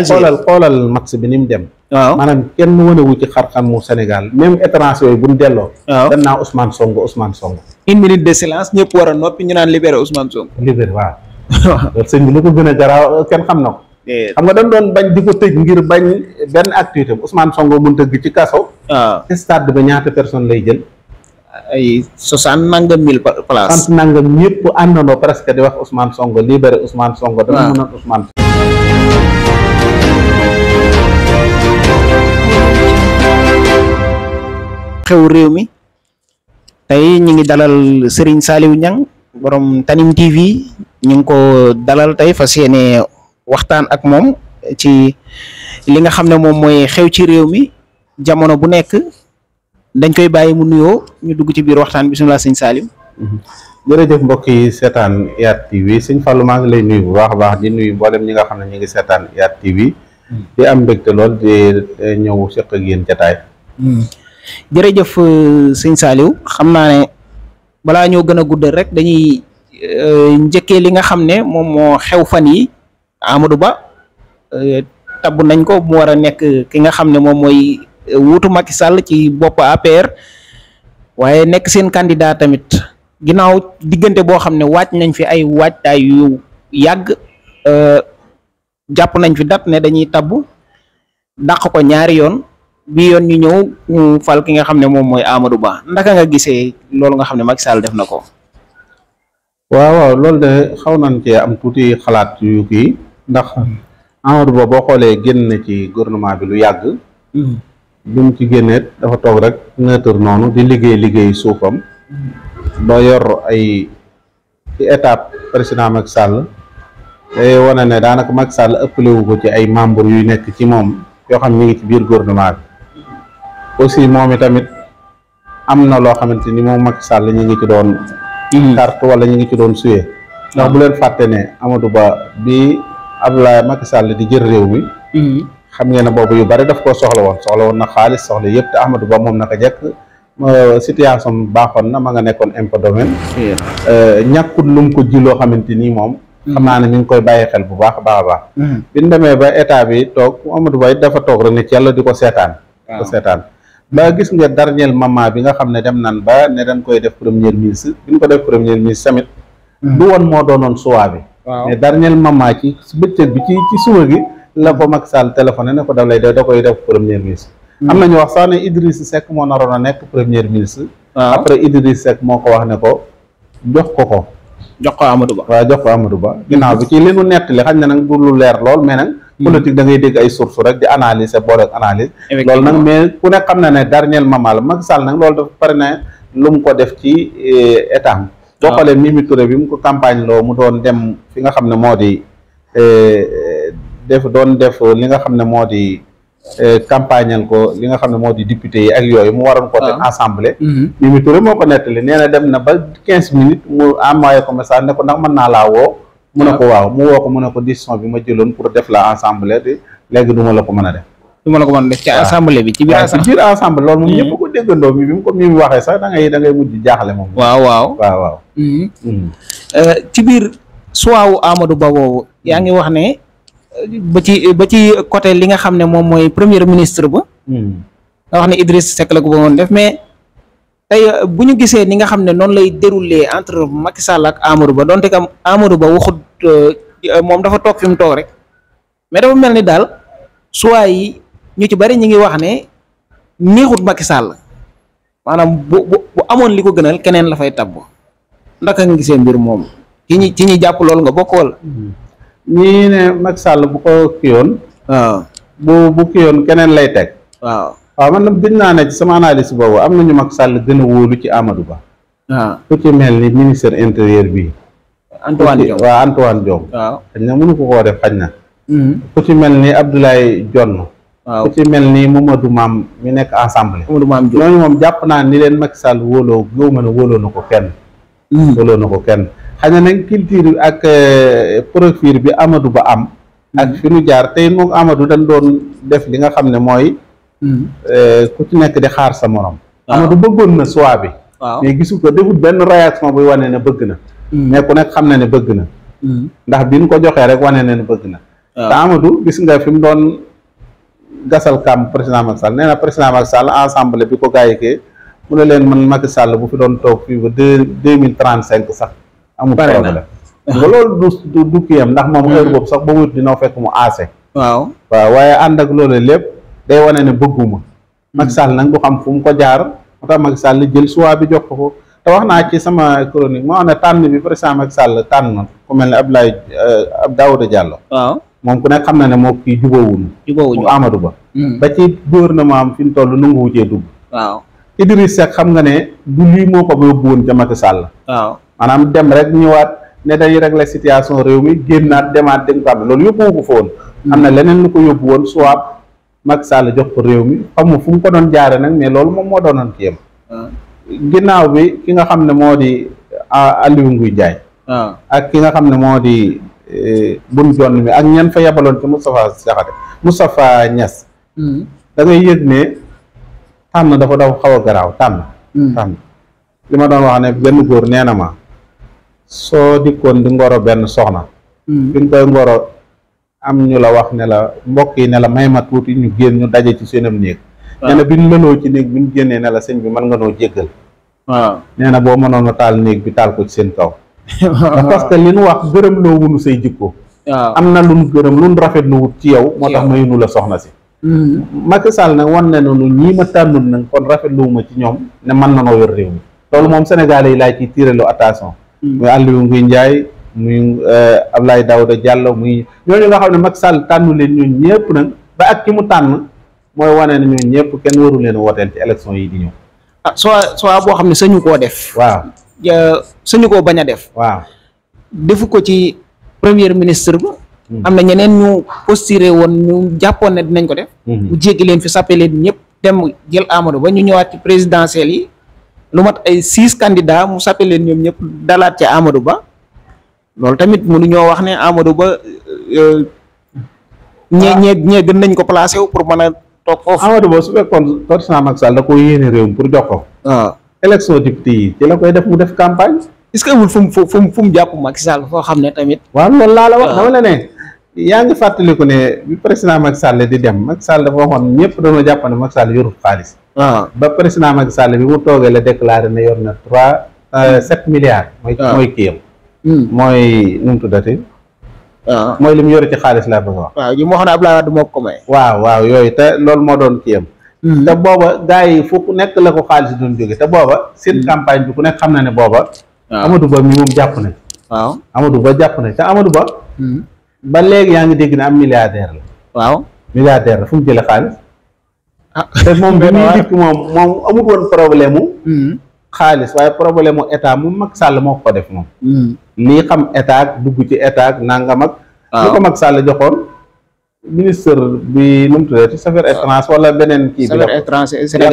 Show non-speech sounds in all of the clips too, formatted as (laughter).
xoolal xoolal match bi ni dem waaw maanaam kenn wanewu ci xar senegal Sénégal même étranger yooyu buñ delloo waaw naa Ousmane Sonko Ousmane Sonko une minute ñëpp war ñu naan libéré Ousmane Sonko libéré waaw (laughs) na ko xam nga doon bañ di ko tëj ngir bañ benn activité Ousmane Sonko mun tëgg ci kaso waaw stade ba ñaata personne lay jël ay soixante nangam mille place soixante nangam ñëpp àndandoo presque di wax Ousmane Sonko libéré Ousmane Sonko dama mën a Ousmane xew réew mi tey ñu ngi dalal Serigne Saliou ñaŋ borom Tanim TV ñu ngi ko dalal tey fas yéene waxtaan ak moom ci li nga xam ne moom mooy xew ci réew mi jamono bu nekk dañ koy bàyyi mu nuyoo ñu dugg ci biir waxtaan bi bisimilah sëñ Saliou. Mhm. jërëjëf mbokk yi seetaan IYAT TV sëñ Fallou maa ngi lay nuyu bu baax baax di nuyu mboolem ñi nga xam ne ñu ngi seetaan IYAT TV. di am mbégte lool di eh, ñëw seq ak yéen hmm. jërëjëf eh, sëñ Saaliw xam naa ne balaa ñoo gën a guddal rek dañuy eh, njëkkee li nga xam ne moom moo xew fan yi Amadou Ba tabb nañ ko mu war a nekk ki nga xam ne moom mooy wuutu Macky sàll ci bopp APR waaye nekk seen candidat tamit ginnaaw diggante boo xam ne waaj nañ fi ay waajtaay yu yàgg jàpp nañ fi dat ne dañuy tabb dàq ko ñaari yoon bi yoon ñu ñëw ñu fal ki nga xam ne moom mooy Amadou Ba ndaka nga gisee loolu nga xam ne Macky Sall def na ko. waaw waaw loolu de xaw nañ cee am tuuti xalaat yu kii ndax Amadou Ba boo xoolee génn na ci gouvernement bi lu yàgg. Hmm. bi mu ci génnee dafa toog rek neutre noonu di liggéey liggéey suufam. doo hmm. yor ay ci étape président Macky Sall. day wane ne daanaka Macky sàll ëppale wu ci ay membres yu nekk ci moom yoo xam ñu ngi ci biir gouvernement bi aussi moom tamit am na loo xamante ni moom Macky sàll ñu ngi ci doon. Mm. carte wala ñu ngi ci doon suyee. ndax bu leen fàtte ne amatu Ba bi Abdoulaye Macky sàll di jër réew mi. Mm. xam ngeen ne boobu yu bari daf koo soxla woon soxla woon na xaalis soxla yëpp te Amadou Ba moom naka jekk situation baaxoon na ma nga nekkoon impôt domaine. Euh, ñàkkut lu mu ko ji loo xamante ni moom. xam naa ne ñu ngi koy bàyyi xel bu baax a baax a baax mm-hmm. biñ demee ba état bi toog Amadou Ba dafa toog rek ne ci di ko seetaan seetaan ba gis nga dernier moment bi nga xam ne dem nan ba ne dañ koy def premier ministre bi ñu ko def premier ministre tamit mm-hmm. du woon moo doonoon suwaa bi mais dernier moment ci bëccëg bi ci ci suba gi la ko mag Sall téléphone ne ko daf lay def da koy def premier ministre mm-hmm. am na nañu wax sax ne Idriss Seck moo naroon a nekk premier ministre après Idriss Seck moo ko wax ne ko jox ko ko jox ko Amadou Ba waaw jox ko Amadou Ba ginnaaw bi ci li nu nettali xañ na nag du lu leer lool mais nag hmm. politique da ngay dégg ay source rek di analyser boole analyse loolu nag mais ku ne xam na ne dernier ma la Macky Sall nag loolu dafa pare ne lu mu ko def ci eh, état am ah. boo bi mu ko campagne loo mu doon dem fi nga xam ne moo di eh, def doon def li nga xam ne moo di Euh, campagnal ko li nga xam ne moo di député yi ak yooyu mu waroon ko teg assemblée mhm. Mimi Touré moo ko nettali nee na dem na ba quinze minutes mu envoyé ko message naa laa woo mu ne ko waaw mu ko mu ne ko décision bi ma jëloon pour def la assemblée te du la ko mën a def du ma la ko a def ci assemblée bi ci biir assemblée loolu moom mhm. ñëpp ko mu ko mi mu waxee sax da ngay da ngay mujj jaaxle moom waaw waaw waaw waaw mhm. Euh, ci biir suwaawu Amadou Ba boobu yaa ngi wax ne ba ci ba ci côté li nga xam ne moom mooy première ministre ba hmm. nga wax ne Idriss Seck la ko bëggoon def mais euh, bu ñu gisee ni nga xam ne noonu lay déroulé entre Macky Sall ak Amadou Ba donte kam Amadou Ba waxut euh, moom dafa toog fi mu toog rek mais dafa mel ni daal choix yi ñu ci bari ñu ngi wax ne neexut Macky Sall maanaam bu bu amoon li ko gënal keneen la fay tabb ndaka nga gisee mbir moom ci ñi ci ñi jàpp loolu nga bokk wala hmm. ñii ne Macky Sall bu ko kiyoon waaw bu bu kiyoon keneen lay teg waaw waaw man nag bind naa ne sama analyse boobu am na ñu mag sàll a wóolu ci amadu Ba waaw ku ci mel ni ministre intérieur bi Antoine Diome waaw Antoine Diome waaw xañ ko koo def xañ na mm-hmm. ku ci mel ni Abdoulaye Dione waaw ku ci mel ni Mamadou Mame mi nekk assemblée Mamadou Mame Diop ñooñu moom jàpp naa ni leen mag Sall wóoloo gëw ma wóoloo na ko kenn mm-hmm. wóoloo na ko kenn xëy na nag culture bi ak euh, profil bi Amadou Ba am. ak mm-hmm. fi nu jaar tey moom Amadou dañ doon def li nga xam ne mooy. Mm-hmm. Euh, ku ci nekk di xaar sa morom. Amadou bëggoon na choix bi. mais gisu ko defut benn réaction buy wane ne bëgg na. Mm-hmm. mais ku nekk xam na ne bëgg na. ndax bi ñu ko joxee rek wane na ne bëgg na. te Amadou gis nga fi mu doon gasal kam président Macky Sall nee na président Macky Sall bi ko gaayikee mu ne leen man Macky Sall bu fi doon toog fii ba deux mille trente sax. amul problème ba loolu du du kii ndax moom heure boobu sax ba wut dina fekk mu aase waaw waaye ànd ak loolu lépp day wane ne bëgguma mag hmm. sàll nag du xam fu mu ko jaar moo tax Macky Sall bi jox ko te wax naa ci sama chronique moo xam ne tànn bi président Macky Sall tànn ku mel ne euh, ab ab a Diallo waaw moom ku nekk xam na ne moo kii jubóowuñu jubóowuñu Amadou Ba hmm. ba ci gouvernement am fi mu toll nanguwu cee dugg waaw Idriss Seck xam nga ne du lii moo ko yóbbu woon ca Macky Sall maanaam dem rek ñëwaat ne day régler situation réew mi génnaat demaat dégg nga loolu yóbbuwu ko fa woon. am na leneen lu ko yóbbu woon soit Macky saala jox ko réew mi xam nga fu mu ko doon jaare nag mais loolu moom moo doonoon ah. bi ki nga xam ne moo di Aliou Nguy Ndiaye. Ah. ak ki nga xam ne moo di e, bun jonn mi ak ñan fa yabaloon ci Moustapha Diakhaté Moustapha Niass. Hmm. da ngay yëg ne tànn dafa daw xaw a garaaw tànn. Hmm. li ma doon wax ne benn góor nee na ma. soo dikkoon di ngoro benn soxna hmm. bi ngoro am ñu la wax ne la mbokk yi ne la may ma tuuti ñu génn ñu daje ci seenam néeg nee na bi ñu mënoo ci néeg bi ñu génnee ne la sëñ bi mën nga noo jéggal waaw nee na boo mënoon a taal néeg bi taal ko ci seen kaw ndax (laughs) parce que li nu wax gërëm loo wunu say jikko am na lun gërëm lun rafet nu wut ci yow moo tax soxna si hmm. Macky Sall nag wan ne noonu ñii ma tànnul nag kon rafetluwuma ci ñoom ne mën na noo yor réew mi loolu moom sénégalais yi laay ciy tiré lu attention Mm. muy Aliou Ngouille Ndiaye muy eh, Abdoulaye Daouda Diallo muy ñooñu nga xam ne mag Sall tànnu leen ñooñu ñëpp nag ba ak ki mu tànn mooy wane ne ñooñu ñëpp kenn waru leen wooteel ci élection yi di ñëw. ah soo soo boo xam ne sañu koo def. waaw sañu koo bañ a def. waaw defu ko ci premier ministre ba. Mm. am na ñeneen ñu posturé woon ñu jàppoon ne dinañ ko def. Mm-hmm. mu jéggi leen fi sàppe leen ñëpp dem jël Amadou ba ñu ñëwaat ci présidentielle yi. lu mat ay six candidats mu sappe leen ñoom ñëpp dalaat ci Amadou Ba loolu tamit ñoo wax ne Amadou Ba euh, ñee ñee ñee gën nañ ko placé wu pour mën toog foofu Amadou Ba su fekkoon président Macky Sall da ko yéene réew mi pour jox ko waaw élection député yi ci la koy def mu def campagne est-ce que amul fu mu fu mu fu mu jàpp Macky Sall foo xam ne tamit waaw loolu laa la wax dama la ne yaa ngi fàttaliku ne bi président Macky Sall di dem Macky Sall dafa waxoon ñëpp dañoo jàpp ne Macky Sall yorut xaalis. Ah. ba président mag sàll bi mu toogee la déclaré ne yor na trois euh, set milliards. mooy ah. mooy kii hmm. mooy nu tuddati. Ah. mooy li mu yore ci xaalis laa bëgg a wax. waaw li mu wax ne Abdoulaye Wade moo ko may. waaw waaw yooyu te loolu moo doon kii hmm. te booba gars yi fu ku nekk la ko xaalis doon jóge te booba. seen hmm. campagne bi ku nekk xam na ne booba. Amadou Ba mi jàpp na. ba léegi yaa ngi dégg na am milliardaire la. waaw milliardaire la fu mu jëlee xaalis. ah te moom bi muy dikk moom moom amul woon problème mu. Hmm. xaalis waaye problème mu état mu mag sàll moo ko def moom. Hmm. lii xam état dugg ci état nangam ak. waaw ah. lu ko Macky Sall joxoon. ministre bi nu mu tuddati affaires ah. étrangères wala beneen. kii bi la ko affaires étrangères Sénégal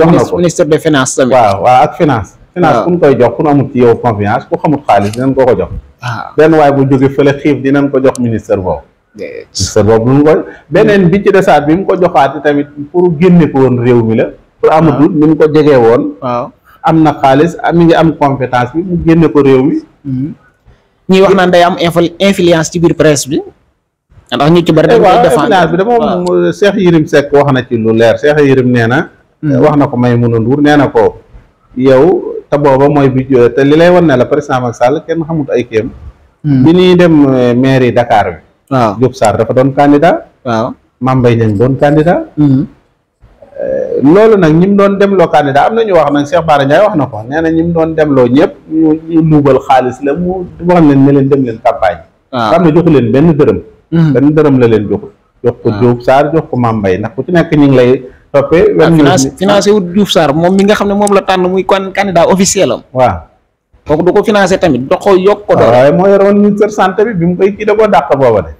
jox na ko ministre de finance tamit. waaw waaw ak finance. finance ku mu koy jox ku nu amul ci yow confiance ku xamul xaalis dinañ ko ko jox ah. benn waaye bu jóge fële xiif dinañ ko jox ministre boobu ministre boobu lu mu ko beneen bi ci desaat bi mu ko joxaati tamit pour génne ko woon réew mi la pour amatul ah. ko jegee woon ah. am na xaalis mi ngi am compétence bi mu génne ko réew mi hmm. ñuy wax naan day am influence ci biir presse bi ndax ñu ci bari dañ koy eh, défendre bi dama moom Cheikh Yérim Seck wax na ci lu leer Cheikh Yérim nee na hmm. wax na ko Maïmouna Ndour nee na ko yow te booba mooy bi euh, te li lay wan ne la président Macky Sall kenn xamut ay kéem hmm. bi ñuy dem euh, mairie Dakar bi waaw Diop dafa doon candidat waaw Mame Mbaye Niang doon candidat hmm. euh, loolu nag ñi mu doon demloo candidat am na ñu wax nag Cheikh Bara Ndiaye wax na ko nee na ñi doon demloo ñëpp ñu ñu xaalis la mu wax leen ne leen dem leen campagne waaw xam ne joxu leen benn dërëm hmm. benn dërëm la leen joxu jox ko Diop Sarr ndax ku ci nekk ñu ngi lay toppee. Ah, financé financé wut Diouf moom mi nga xam ne moom la tànn muy kan candidat officiel am. waa kooku du ko financé tamit dox ko yokk ko. doole waaye moo yoroon bi mu koy kii da koo dàq booba de.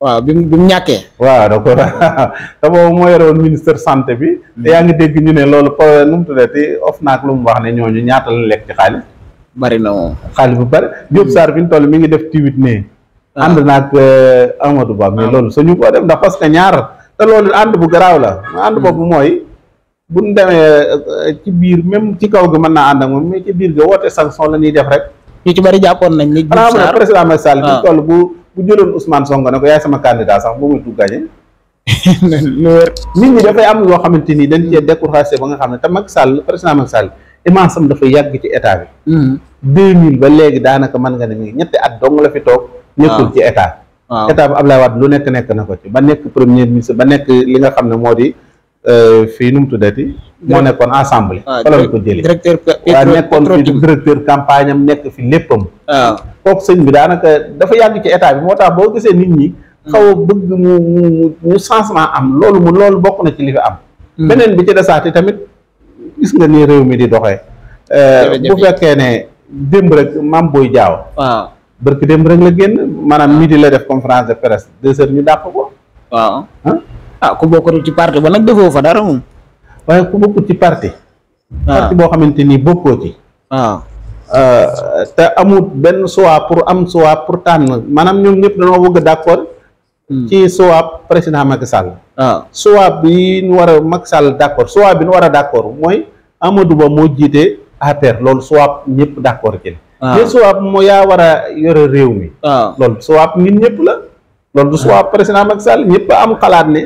waaw bi ñàkkee. waaw da ko (laughs) te boobu moo yoroon ministre santé bi. Hmm. te yaa ngi dégg ñu ne loolu problème nu mu tuddati of naag lu mu wax ne ñoo ñaata la lekk ci xaalis. bari na moom xaalis bu bari. Diouf Sarr fi ñu toll mi ngi def tiwit ne. Ah. ànd naag euh, Amadou Ba mais ah. loolu sañu ko def ndax parce que ñaar. te loolu ànd bu garaaw la ànd boobu mooy bu ñu demee euh, ci biir même ci kaw gi mën naa ànd ak moom ci biir ga woote sanction la ñuy def rek. ñu ci bari jàppoon nañ ni. xanaa mu ne président bu bu jëloon Ousmane Sonko ne ko yaay sama sax bu muy tuggaañee. lu wér. nit ñi dafay am yoo xamante ni dañ cee découragé ba nga xam ne te Macky Sall président Macky Sall immense am dafay yàgg ci état bi. 2000 hmm. ba léegi daanaka mën nga ne ñetti at dong la fi toog. nekkul ci état. état bu Abdoulaye Wade lu nekk nekk na ko ci ba nekk premier ministre ba nekk li nga xam ne moo di euh, fii nu mu tuddati moo nekkoon assemblée ah, fa la ko jëlee nekkoon fi directeur campagne am nekk fi léppam waaw ah. kooku sëñ bi daanaka dafa yàgg ci état bi moo tax boo gisee nit ñi hmm. xaw a bëgg mu mu mu changement am loolu mu loolu bokk na ci li fi am hmm. beneen bi ci desaati tamit gis nga ni réew mi di doxee euh, bu fekkee ne démb rek mam booy jaaw ah. bërki dem rek la génn maanaam di la def conférence de presse deux heures ñu dàpp ko. waaw ah ku bokkul ci parti ba nag defoo fa dara moom. waaye ku bokkul ci parti. Ah. boo xamante ni bokkoo ci. Ah. Euh, te amut benn choix pour am choix pour tànn maanaam ñoom ñëpp dañoo bëgg d'accord. Hmm. ci choix président Macky Sall. waaw ah. choix bi ñu war a Macky Sall d'accord choix bi nu war a d'accord mooy Amadou Ba moo jiite APR loolu choix ñëpp d'accord ci. Ah. te soit moo yaa war a yore réew mi. waaw ah. loolu soit nit ñëpp la. loolu du président Macky Sall ñëpp am xalaat ne.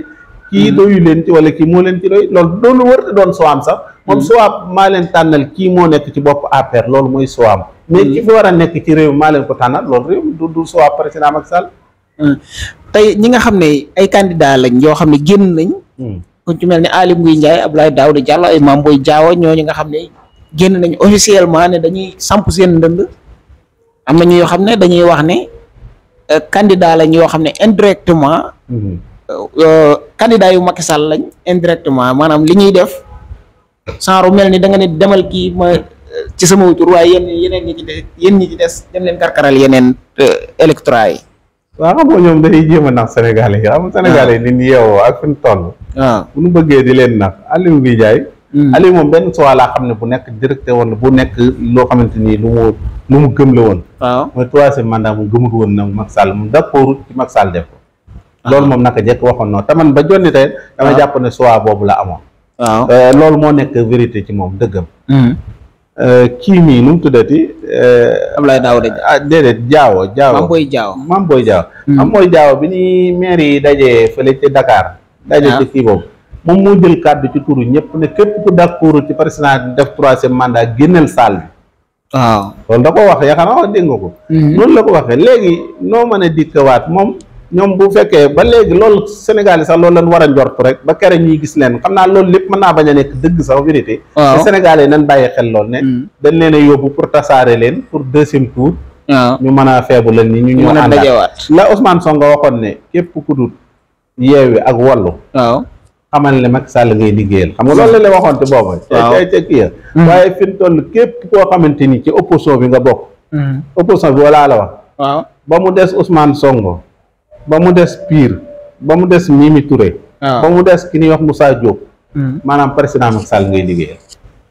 kii hmm. doyu leen wala kii moo leen ci doon sowaam sax hmm. moom sowaam maa leen tànnal kii moo nekk ci bopp APR loolu mooy sowaam mais hmm. ki fi war a nekk ci réew maa leen ko tànnal loolu réew du du sowaam président Macky Sall tey ñi nga xam ne ay kandidaa lañ yoo xam ne génn nañ ku ci mel ne Aly Ngouille Ndiaye Abdoulaye Daouda Diallo ay Mame Boye ñoo ñooñu nga xam ne génn nañu officiellement ne dañuy samp seen ndënd am na ñoo xam ne dañuy wax ne euh, candidat lañ yoo xam ne indirectement mhm. euh, euh, candidat yu Macky Sall lañ indirectement maanaam li ñuy def sanru mel ni da nga ne demal kii ma ci sama wutur yéen yeneen yéen ñi ci yeneen électorat yi waaw xam nga ñoom jéem a nax yi xam yeewoo ah. ak fi ñu toll ah. bu ñu bëggee di leen nax Aliou Ngouille Ndiaye Mm. Aliou moom benn choix laa xam ne bu nekk directeur woon bu nekk loo xamante ni lu mu lu mu gëm la woon. waaw mooy troisième mandat mu gëmul woon na Macky Sall mu d'accord ci Macky Sall def ko. Ah. loolu moom naka jekk waxoon noonu te man ba jonni tey. dama ah. jàpp ne choix boobu la amoon. waaw euh, loolu moo nekk vérité ci moom dëggam. Mm. Euh, kii nii nu mu tuddati. Euh, Abdoulaye Daouda Diallo ah, déedéet Diallo Diallo Mame Boye Diallo Mame Boye Diallo. Mm. Mame Boye Diallo bi ni maire yi dajee fële ci dakaar daje ci kii boobu. moom moo jël kàddu ci turu ñëpp na képp ku d'accord ci président bi def troisième mandat génneel salle bi. waaw loolu da ko waxee yaakaar naa wax dégg nga ko. noonu mhm. la ko waxee léegi noo mën a dikkawaat moom ñoom bu fekkee ba léegi loolu Sénégal yi sax loolu lañ war a njort rek ba kere ñuy gis leen xam naa loolu lépp mën naa bañ a nekk dëgg sax vérité. waaw te Sénégal yi nañ bàyyi xel lool ne. Mhm. dañ leen yóbbu pour tasaare leen pour deuxième tour. ñu mën a feebu leen ni ñu. ñu mën a dajewaat la Ousmane Sonko waxoon ne képp ku dul ak wallu xamal ne mag Sall ngay liggéeyal xam nga loolu la leen waxoon te boobu te te waaye fi toll képp koo xamante ni ci opposition bi nga bokk hmm. opposition bi walaa la wax waaw ba mu des Ousmane songo ba mu des piir ba mu des Mimi Touré ah. ba mu des ki ñuy wax Moussa Diop hmm. maanaam président Macky Sall ngay liggéeyal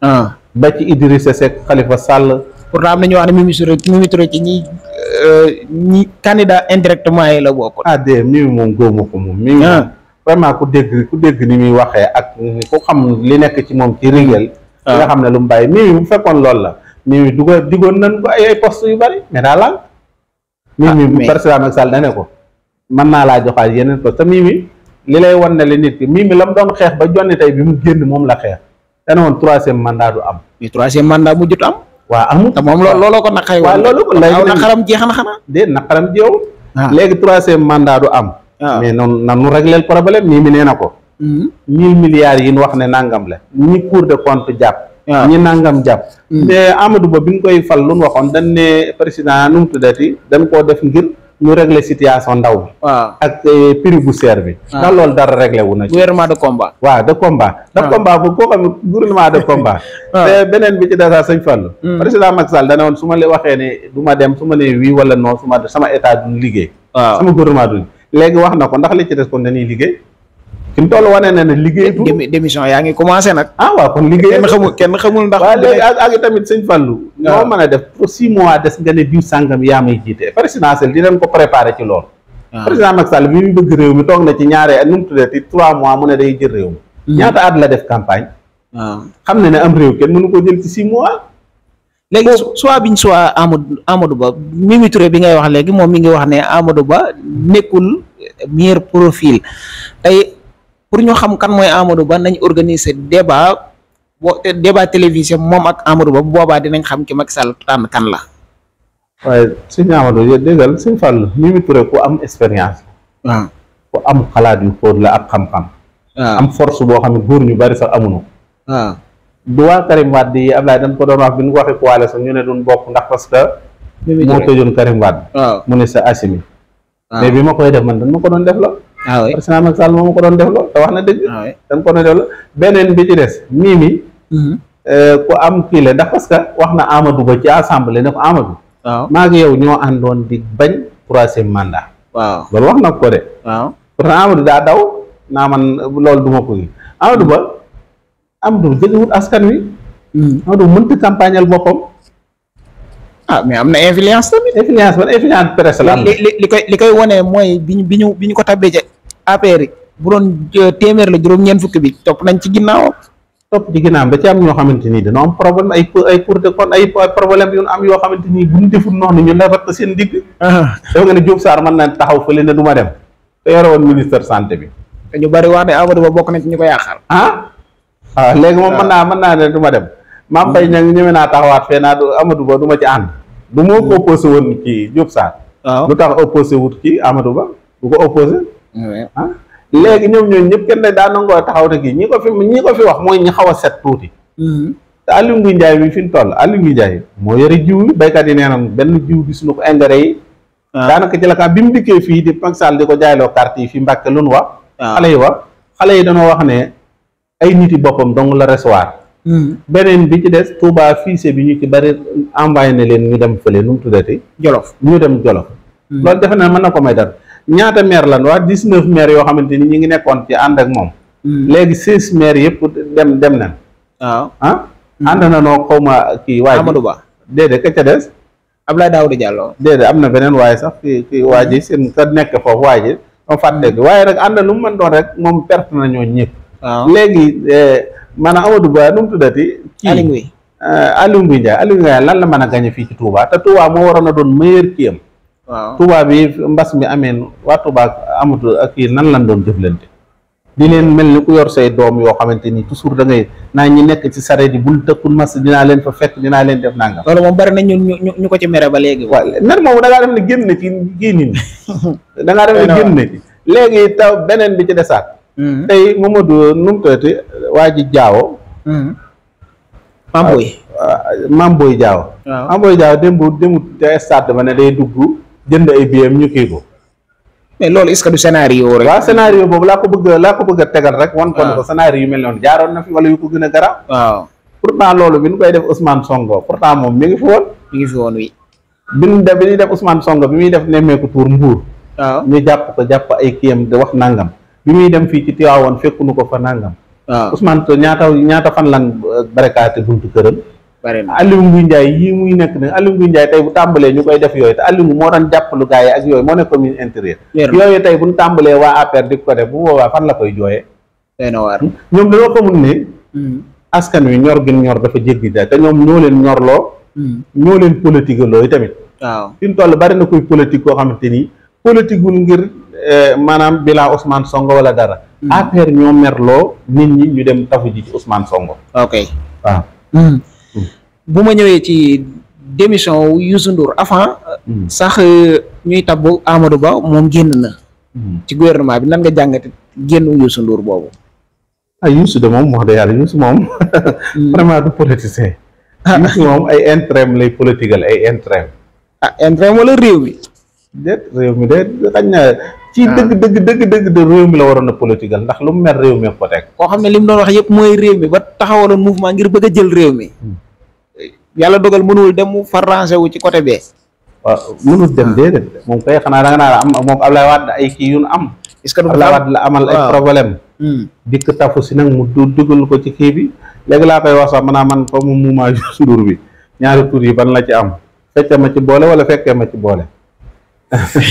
ah. ba ci Idrissa Seck Khalifa Sall pourtant am na ñu wax ne Mimi Touré Mimi Touré ci ñi euh, ñi candidat indirectement yi la bokk ah dee moom góomu ko moom Mimi ah. vraiment ku dégg ku dégg ni muy waxee ak ku xam li nekk ci moom ci rigel li ah. nga xam ne lu mu bàyyi mais bu fekkoon loolu la mais du diggoon nañ ko ay ay poste yu bëri mais daa laal mii ah, mi président Macky Sall dane ko mën naa laa joxaat yeneen poste te mii mi li lay wan nit ki mii mi la mu doon xeex ba jonni tey bi mu génn moom la xeex dana woon troisième mandat du am mais troisième mandat mu jot am waa amul te moom looloo ko naqay waa loolu ko naqaram jeex na xanaa déet naqaram jeewul ah. léegi troisième mandat du am Ah. mais noonu nan nu réglé problème mii mi nee ko hmm. mille milliards yi ñu wax ne nangam la ñi cour de compte jàpp ah. ñi nangam jàpp hmm. mais Amadou Ba bi ñu koy fal lu ñu waxoon dañ ne président nu mu tuddati dañ def ngir ñu régler situation ndaw bi ah. ak eh, prix bu seer bi ndax loolu dara réglé na ci de combat waaw de combat de combat bu koo xam gouvernement de combat (laughs) te beneen bi ci dasa sëñ Fall hmm. président Macky Sall dana woon su ma la waxee ne du ma dem su ma ne wii léegi wax na ko ndax li ci des kon dañuy liggéey fi mu toll wane na ne liggéeyatu démission yaa ngi commencé nag ah waaw kon liggéey kenn xamul kenn xamul ndax léegi ak ak tamit sëñ Fallou noo mën a def pour six mois des nga ne diw sàngam yaa may jiite présidentielle di leen ko préparé ci loolu président Macky Sall bi mu bëgg réew mi toog na ci ñaare nu mu tuddee ci trois mois mu ne day jël réew mi hmm. ñaata at la def campagne xam ne ne am réew kenn mënu ko jël ci six mois léegi soit biñ soit Amadou Amadou Ba Mimi Touré bi ngay wax léegi moom mi ngi wax ne Amadou Ba nekkul meilleur profil tey pour ñu xam kan mooy Amadou Ba nañ organiser débat bo débat télévision moom ak Amadou Ba boobaa dinañ xam ki Macky Sall tànn kan la. waaye suñu Amadou yow déggal suñu Fall Mimi Touré ku am expérience. waaw ku am xalaat yu fóot la ak xam-xam. am force boo xam ne góor ñu bari sax amuñu. waaw du waa Karim Wade yi Ablaye dañ ko doon wax bi ñu ko waxee coalition ñu ne duñ bokk ndax parce moo tëjoon Karim Wade mu ne sa Assimi mais bi ma koy def man dañ ko doon def la président Macky Sall moo ma ko doon def la ah wax na dëgg ah dañ ko doon def la beneen bi ci des Mimi mm-hmm. euh, ku am kii la ndax parce que wax na Amadou Ba ci assemblée ne ko Amadou maa ngi yow ñoo àndoon di bañ troisième mandat waaw loolu wax na ko de pourtant Amadou daa daw naa man loolu du ko gi Amadou Ba Amadou jegewut askan wi. Hmm. Amadou mënta campagnal boppam. ah mais am na influence tamit. influence man influence presse li li koy li koy wone mooy bi ñu bi ñu bi ñu ko tabbee ca APR bu doon euh, téeméer la juróom ñeen fukki bi topp nañ ci ginnaawam. topp ci ginnaawam da ci am ñoo xamante ni dañoo am problème ay ay de compte ay problème yu am yoo xamante ni bu ñu deful noonu ñu nabat seen digg. dafa ah. nga ne Diop Sarr mën na taxaw fële ne du ma dem. te woon ministre santé bi. te bari wax ne bokk na ñu ko yàqal. ah waaw ah, léegi moom mën ah. naa mën naa ne du ma dem maam bay ña ngi ñeme naa taxawaat fee naa du Amadou Ba du ma ci ànd du moo ko hmm. opposé woon kii Diop Sarr ah. lu tax opposé wut kii Amadou Ba du ko opposé léegi ñoom ñooñu ñëpp kenn dañ daa nangoo taxaw te kii ñi ko fi ñi ko fi wax mooy ñi xaw a set tuuti hmm. te Aliou Ngouille Ndiaye mi fi mu toll Aliou Ngouille Ndiaye moo yore jiw yi baykat yi nee nañ benn jiw bi suñu ko engrais yi daanaka ci la kaa bi mu dikkee fii di Macky di ko jaayloo carte yi fi Mbàkke lu nu wax xale yi wax xale yi dañoo wax ne ay nit boppam dong la recevoir. Hmm. beneen bi ci des Touba fiise bi ñu ci bari envoyé na leen ñu dem fële nu mu tuddati. Jolof ñu dem Jolof. Hmm. loolu defe naa mën na ko may dara ñaata maire lan waa dix neuf maire yoo xamante ni ñu ngi nekkoon ci ànd ak moom. Hmm. léegi seize maire yëpp dem dem na waaw ah. ànd na noo xaw ma kii. waaye Amadou Ba déedéet ka ca des. Abdoulaye Daouda Diallo. déedéet am na beneen waaye sax kii kii waa ji seen ka nekk foofu waa ji ma fàtte waaye rek ànd lu mu mën rek moom perte na ñoo ñëpp. waaw léegi eh, maanaam Amadou Ba nu mu tuddati. kii Aliou Ngouye eh, Aliou lan la mën a gañe fii ci Touba te Touba moo waroon a doon meilleur kii am. mbas mi amee waa Touba amatu ak kii nan lan doon jëflante. di leen mel ni ku yor doom yoo xamante ni toujours da ngay ñi nekk ci sareet yi bul tëkkul dinaa leen fa fekk dinaa leen def nangam. loolu moom bari na ñu ñu ko ci mere ba léegi. waaw mer moom da ngaa def ne génn ci génn ni (laughs) da ngaa def léegi taw beneen bi ci desaat Mm-hmm. tey Mamadou nu mu tëddati waa ji Jaawo. Mm-hmm. Ah, Mamboy ah, Mamboy Jaawo. waaw Mamboy Jaawo démb démb te stade ba ne day dugg jënd ay biyam ñu kii ko. mais loolu est-ce que du scénario rek. waaw scénario boobu laa ko bëgg laa ko bëgg tegal rek. wan ko ne ko scénario yu mel noonu jaaroon na fi wala yu ko gën a garaaw. waaw pourtant loolu bi ñu koy def Ousmane Sonko pourtant moom mi ngi fi woon. mi ngi fi woon bi ñu def bi ñuy bi muy def nemmeeku tur Mbour. waaw ñu jàpp ko jàpp ay kiyam di wax nangam. bi muy dem fii ci Tiwaawoon fekkunu ko fa nangam. waaw ah. Ousmane ñaata ñaata fan lan euh, barakaate buntu këram. bari na Aliou Ngouye Ndiaye yii muy nekk nag Aliou Ngouye Ndiaye tey bu tàmbalee ñu koy def yooyu te Aliou moo doon jàppalu ak yooyu moo nekk commune intérieur tey bu ñu tàmbalee waa APR di ko def bu boobaa fan la koy jooyee. tey na waar ñoom dañoo xamul ne. Hmm. askan wi ñor gi ñor dafa jéggi daal te ñoom ñoo leen ñorloo. Hmm. ñoo leen politique looyu tamit. waaw fi mu toll bari na kuy politique koo xamante ni. politique wul ngir eh, maanaam bilaa Ousmane songo wala dara. Hmm. APR ñoo merloo nit ñi ñu dem tafu ji ci Ousmane Sonko. ok waaw. Hmm. Hmm. bu ma ñëwee ci démission Youssou Ndour avant. sax euh, ñuy tabbu Amadou Ba moom génn na. ci gouvernement bi nan nga jàngate génn Youssou Ndour boobu. ah Youssou de moom wax dëgg yàlla Youssou moom. (laughs) vraiment du politicien. (laughs) Youssou moom ay intérêt lay politigal ay intérêt. ah intérêt wala réew mi. déet réew mi de xañ na ci ah. dëgg dëgg dëgg dëgg de réew mi la waroon a politique ndax lu mu mer réew mi ko koo xam ne li mu doon wax yëpp mooy réew mi ba taxawaloon mouvement ngir jël réew mi hmm. yàlla dogal mënuwul dem mu farrancé wu ci côté bee waaw mënul dem déedéet ah. moom kay xanaa da naa naan am moom Ablaye Wade ay kii yu am est-ce la amal ay problème hmm. dikk tafu si nag mu du dugal ko ci kii bi léegi laa koy wax sax maanaam man comme mouvement (laughs) Youssou Ndour bi ñaari tur yi ban la ci am fekkee ma ci boole wala fekkee ma ci boole (laughs)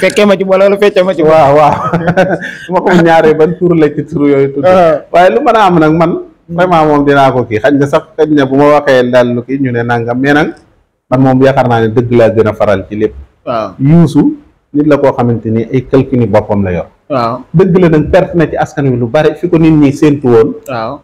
fekkee ma ci boole wala fekkee ma ci boole. waaw waaw (laughs) su ma ko ñaaree ba tur la ci tur yooyu. tudd ah. waaye lu man a am nag man. Hmm. vraiment moom dinaa ko kii xaj na sax xañ na bu ma waxee daal lu kii ñu ne nangam mais nag man moom yaakaar naa ne dëgg laa gën a faral ci lépp. waaw ah. yuusu nit la koo xamante ni ay calcul boppam la yor. waaw ah. dëgg la nag perte na ci askan wi lu bari fi ko nit ñi séentu woon. waaw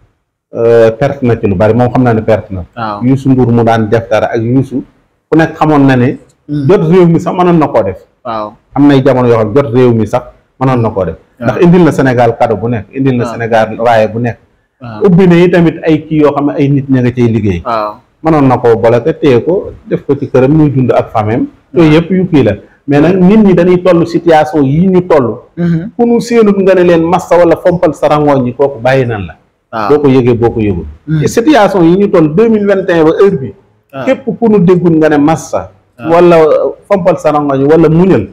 euh, perte na ci lu bari moom xam naa ne perte na. waaw yuusu Ndour mu daan def dara ak yuusu ku nekk na ne. Mm. jot réew mi sax mënoon na koo def am nay jamono yoo xam jot réew mi sax mënoon na koo def ndax indil na Sénégal cadeau bu nekk indil na Sénégal waaye bu nekk ubbi na yi tamit ay kii yoo xam ne ay nit ña nga cay liggéey mënoon na koo boole ko ko def ko ci muy dund ak famem yooyu yëpp yu kii la mais nag nit ñi dañuy toll situation yi ñu toll mm-hmm. ku nu séenut nga ne leen massa wala fompal sa rangooñ ñi kooku bàyyi nan la boo ko yëgee boo ko yëgul mm. situation yi ñu toll deux mille vingt et heure bi képp ku nu déggul nga ne massa Ah. wala fompal sa rongoñ wala muñal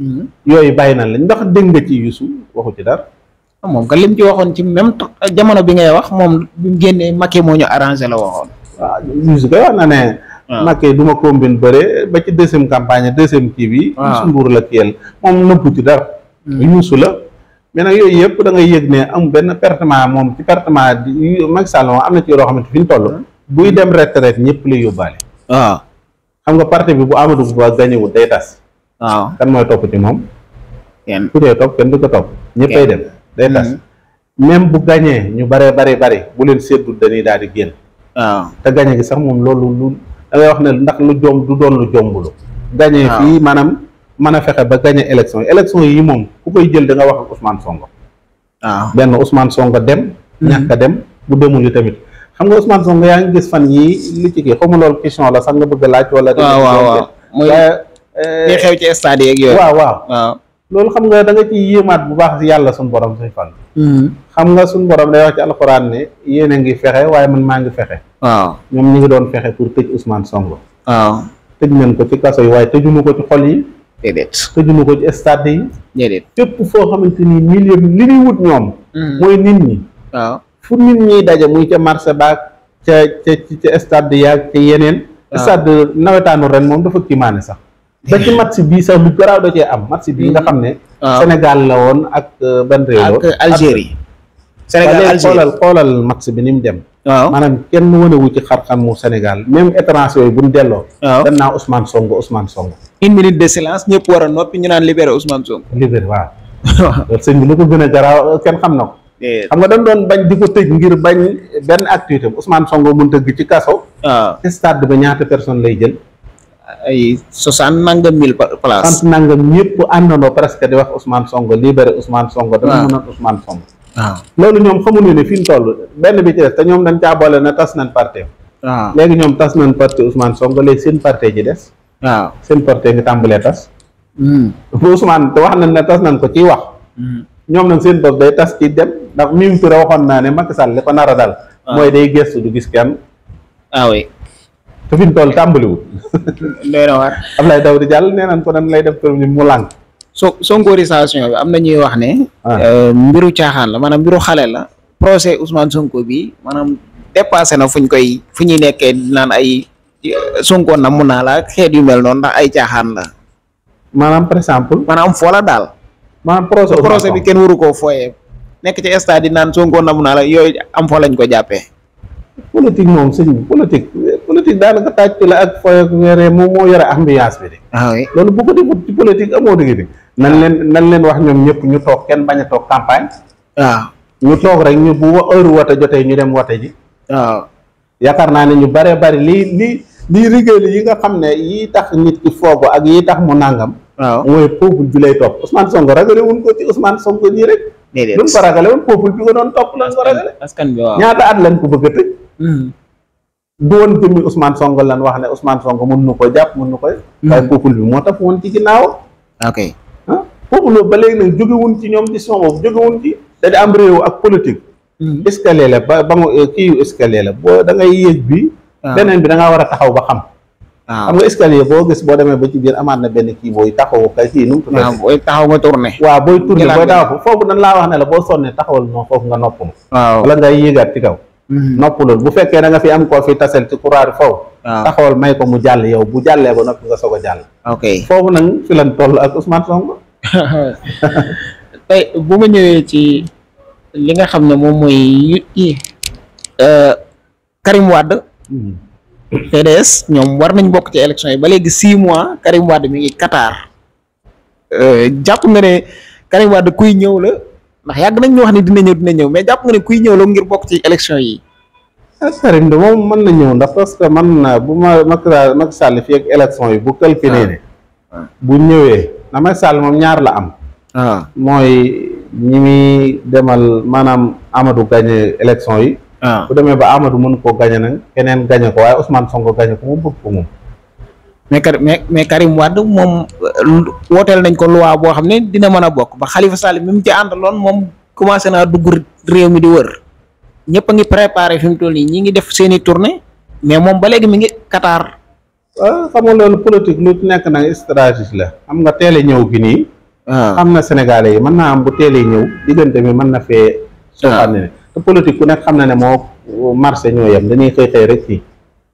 mhm. yooyu bàyyi na la ndax dégg nga ci Youssou waxu ci dara ah, moom ka lim ci waxoon ci même ah, jamono bi ngay wax moom bi mu génnee Macky moo ñu arrangé la waxoon waaw Youssou kay wax na ne Macky du ma combine bëre ba ci deuxième campagne deuxième kii bi Youssou Ndour la kiyel moom nëbbu ci dara hmm. Youssou la mais nag yooyu yëpp da ngay yëg ne am benn pertement moom ci pertement Macky Sall moom am na ci yoo xamante fi ñu toll hmm. buy dem retraite ñëpp lay yóbbaale xam nga parti bi bu Amadou Ba gagné wul day tas. waaw kan mooy topp ci moom. kenn ku dee topp kenn du ko topp. ñëppay dem day tas. Mm-hmm. même bu gañee ñu bare bare bare bu leen séddu dañuy daal di génn. te gagné gi sax moom loolu lu da wax na ndax lu jom du doon lu jombulu. gagné fii maanaam mën a fexe ba gagné élection yi yi moom ku koy jël da nga wax ak Ousmane Sonko. benn Ousmane Sonko dem. ñàkk a mm-hmm. dem bu demul li tamit. xam nga Ousmane Sonko yaa ngi gis fan yii li ci kii xaw ma loolu question la sax nga bëgg a laaj. wala waaw waaw muy li xew ci stade yeeg yooyu. waaw waaw loolu xam nga danga nga ciy yéemaat bu baax si yàlla suñ borom suñu fan. Hmm. xam nga suñu borom day wax ci alxuraan ne yéen a ngi fexe waaye man maa ngi fexe. waaw ñoom ñu ngi doon fexe pour tëj Ousmane Sonko. waaw tëj nañ ko ci kaso yi waaye tëjunu ko ci xol yi. déedéet tëjunu ko ci stade yi. déedéet fépp foo xamante ni milieu li ñuy wut ñoom. Hmm. mooy nit fu nit ñiy daje muy ca marché baag ca ca ca stade yaag ca yeneen ah. stade nawetaanu ren moom dafa kiimaane sax ba ci match bii sax lu garaaw da cee am match bii nga xam ne ah. Ah. Sénégal la woon ak euh, ban réew ak euh, Algérie Sénégal Algérie xoolal xoolal match bi ni mu dem waaw maanaam kenn wanewu ci xar-xamu Sénégal même étranger bu ñu delloo dem naa Ousmane Sonko Ousmane Sonko une minute de silence ñëpp war a noppi ñu naan libéré Ousmane Sonko libéré waaw (laughs) sëñ bi lu ko gën a garaaw kenn xam na ko Eh, xam nga dañ doon bañ di ko tëj ngir bañ benn activité am songo Sonko mun tëgg ci kaso. waaw ah. stade ba ñaata personne lay jël. ay soixante nangam mille place. soixante nangam ñëpp àndandoo presque di wax Ousmane Sonko libéré Ousmane Sonko. waaw dama ah. mënoon Ousmane Sonko. waaw ah. loolu ñoom xamuñu ne fi ñu benn bi ci des te ñoom dañ caa boole na tas nañ parti waaw léegi ñoom tas nañ parti Ousmane songo léegi seen parti ji des. waaw seen parti ngi tàmbalee tas. bu hmm. Ousmane wax nañ ne tas nañ ko ci wax. Hmm. ñoom nag seen bopp day tas ci dem. ndax mim Touré waxoon naa ne Macky li ko nar daal ah. mooy day gëstu du gis kenn. ah te fi mu toll tàmbaliwul. (laughs) doy na waar Abdoulaye Daouda Diallo nee nañ ko dañ lay def kër mu làng. so sonkorisation bi am na ñuy wax ne. Ah. Euh, mbiru caaxaan la maanaam mbiru xale la. projet Ousmane Sonko bi maanaam dépassé na fu ñu koy fu ñuy nekkee naan ay Sonko na mu naa la xeet yu mel noon ndax ay caaxaan la. maanaam par exemple. foola daal. maanaam procès bi kenn waru koo fooyee. nekk ci stade di naan Sonko namu naa la yooyu am foo lañ ko jàppee. politique moom sëñ bi politique politique daanaka tàcc la ak fooy ak weeree moom moo yore ambiance bi de. Ah amoo dëgg de. nan leen nan leen wax ñoom ñëpp ñu toog kenn toog campagne. waaw ah. ñu toog rek ñu bu heure wote ñu dem wote ji. Ah. yaakaar naa ne ñu bare bari lii lii lii rigéey yi nga xam ne yii tax nit ki foogo ak yii tax mu nàngam. waaw mooy peuple ju lay topp Ousmane Sonko ragale wuñ ko ci Ousmane Sonko nii rek. déedéet lu mu ko ragale woon peuple bi ko doon topp la ko ñaata at lañ ko bëgg a tëj hmm. du woon jëmmi Ousmane Sonko lan wax ne Ousmane Sonko mun nu ko jàpp mun nu koy hmm. waaye peuple bi moo tax woon ci ginnaaw ok ah ba léegi nag jógewun ci ñoom ci songo jógewun ci da di am réew ak politique hmm. escalier la ba ba mu eh, kii escalier la boo da ngay yéeg bi ah. beneen bi da ngaa war a taxaw ba xam xam nga escalier boo gis boo demee ba ci biir amaat na benn kii booy taxawu kay kii nu waaw booy taxaw nga waaw booy tourné booy taxaw foofu dañ laa wax ne la boo sonnee taxawal moom foofu nga noppalu waaw wala ngay yéegaat ci kaw mhm. noppalul bu fekkee na nga fi am koo fi tasel ci courant faw taxawal may ko mu jàll yow bu jàllee ba noppi nga soog a jàll ok foofu nag fi lañ toll ak Ousmane Sonko (laughs) tey bu ma ñëwee ci li nga xam ne moom mooy euh, Karim PDS ñoom war nañ bokk ci élection yi ba léegi six mois Karim Wade mi ngi Qatar euh, jàpp nga ne Karim Wade kuy ñëw la ndax yàgg nañ ñu wax ni dina ñëw dina ñëw mais jàpp nga ne kuy ñëw la ngir bokk ci élection yi. Ah, Karim de moom mën na ñëw ndax parce que man bu ma Macky Sall fii ak yi bu calculé ah. ah. bu ñëwee na Macky Sall moom ñaar la am. mooy ñi muy demal maanaam Amadou gagné élection yi. Ah. bu demee ba Amadou mën koo gañe nag keneen gañe ko waaye Ousmane Sonko gañe ko mu bëgg ko moom. mais mais mais Karim Wade moom euh, wooteel nañ ko loi boo xam ne dina mën a bokk ba xalifa Sall mi mu ci àndaloon moom commencé naa dugg réew mi di wër ñëpp ngi préparé fi mu toll nii ñi ngi def seen i tournée mais moom ba léegi mi ngi Qatar. Ah, xam nga loolu politique lu nekk nag stratégie la am nga teel ñëw gi nii. Ah. am na Sénégalais yi mën naa am bu teel a ñëw diggante mi mën na fee. waaw te politique ku nekk xam na ne moo marché ñoo yem dañuy xëy xëy rek fi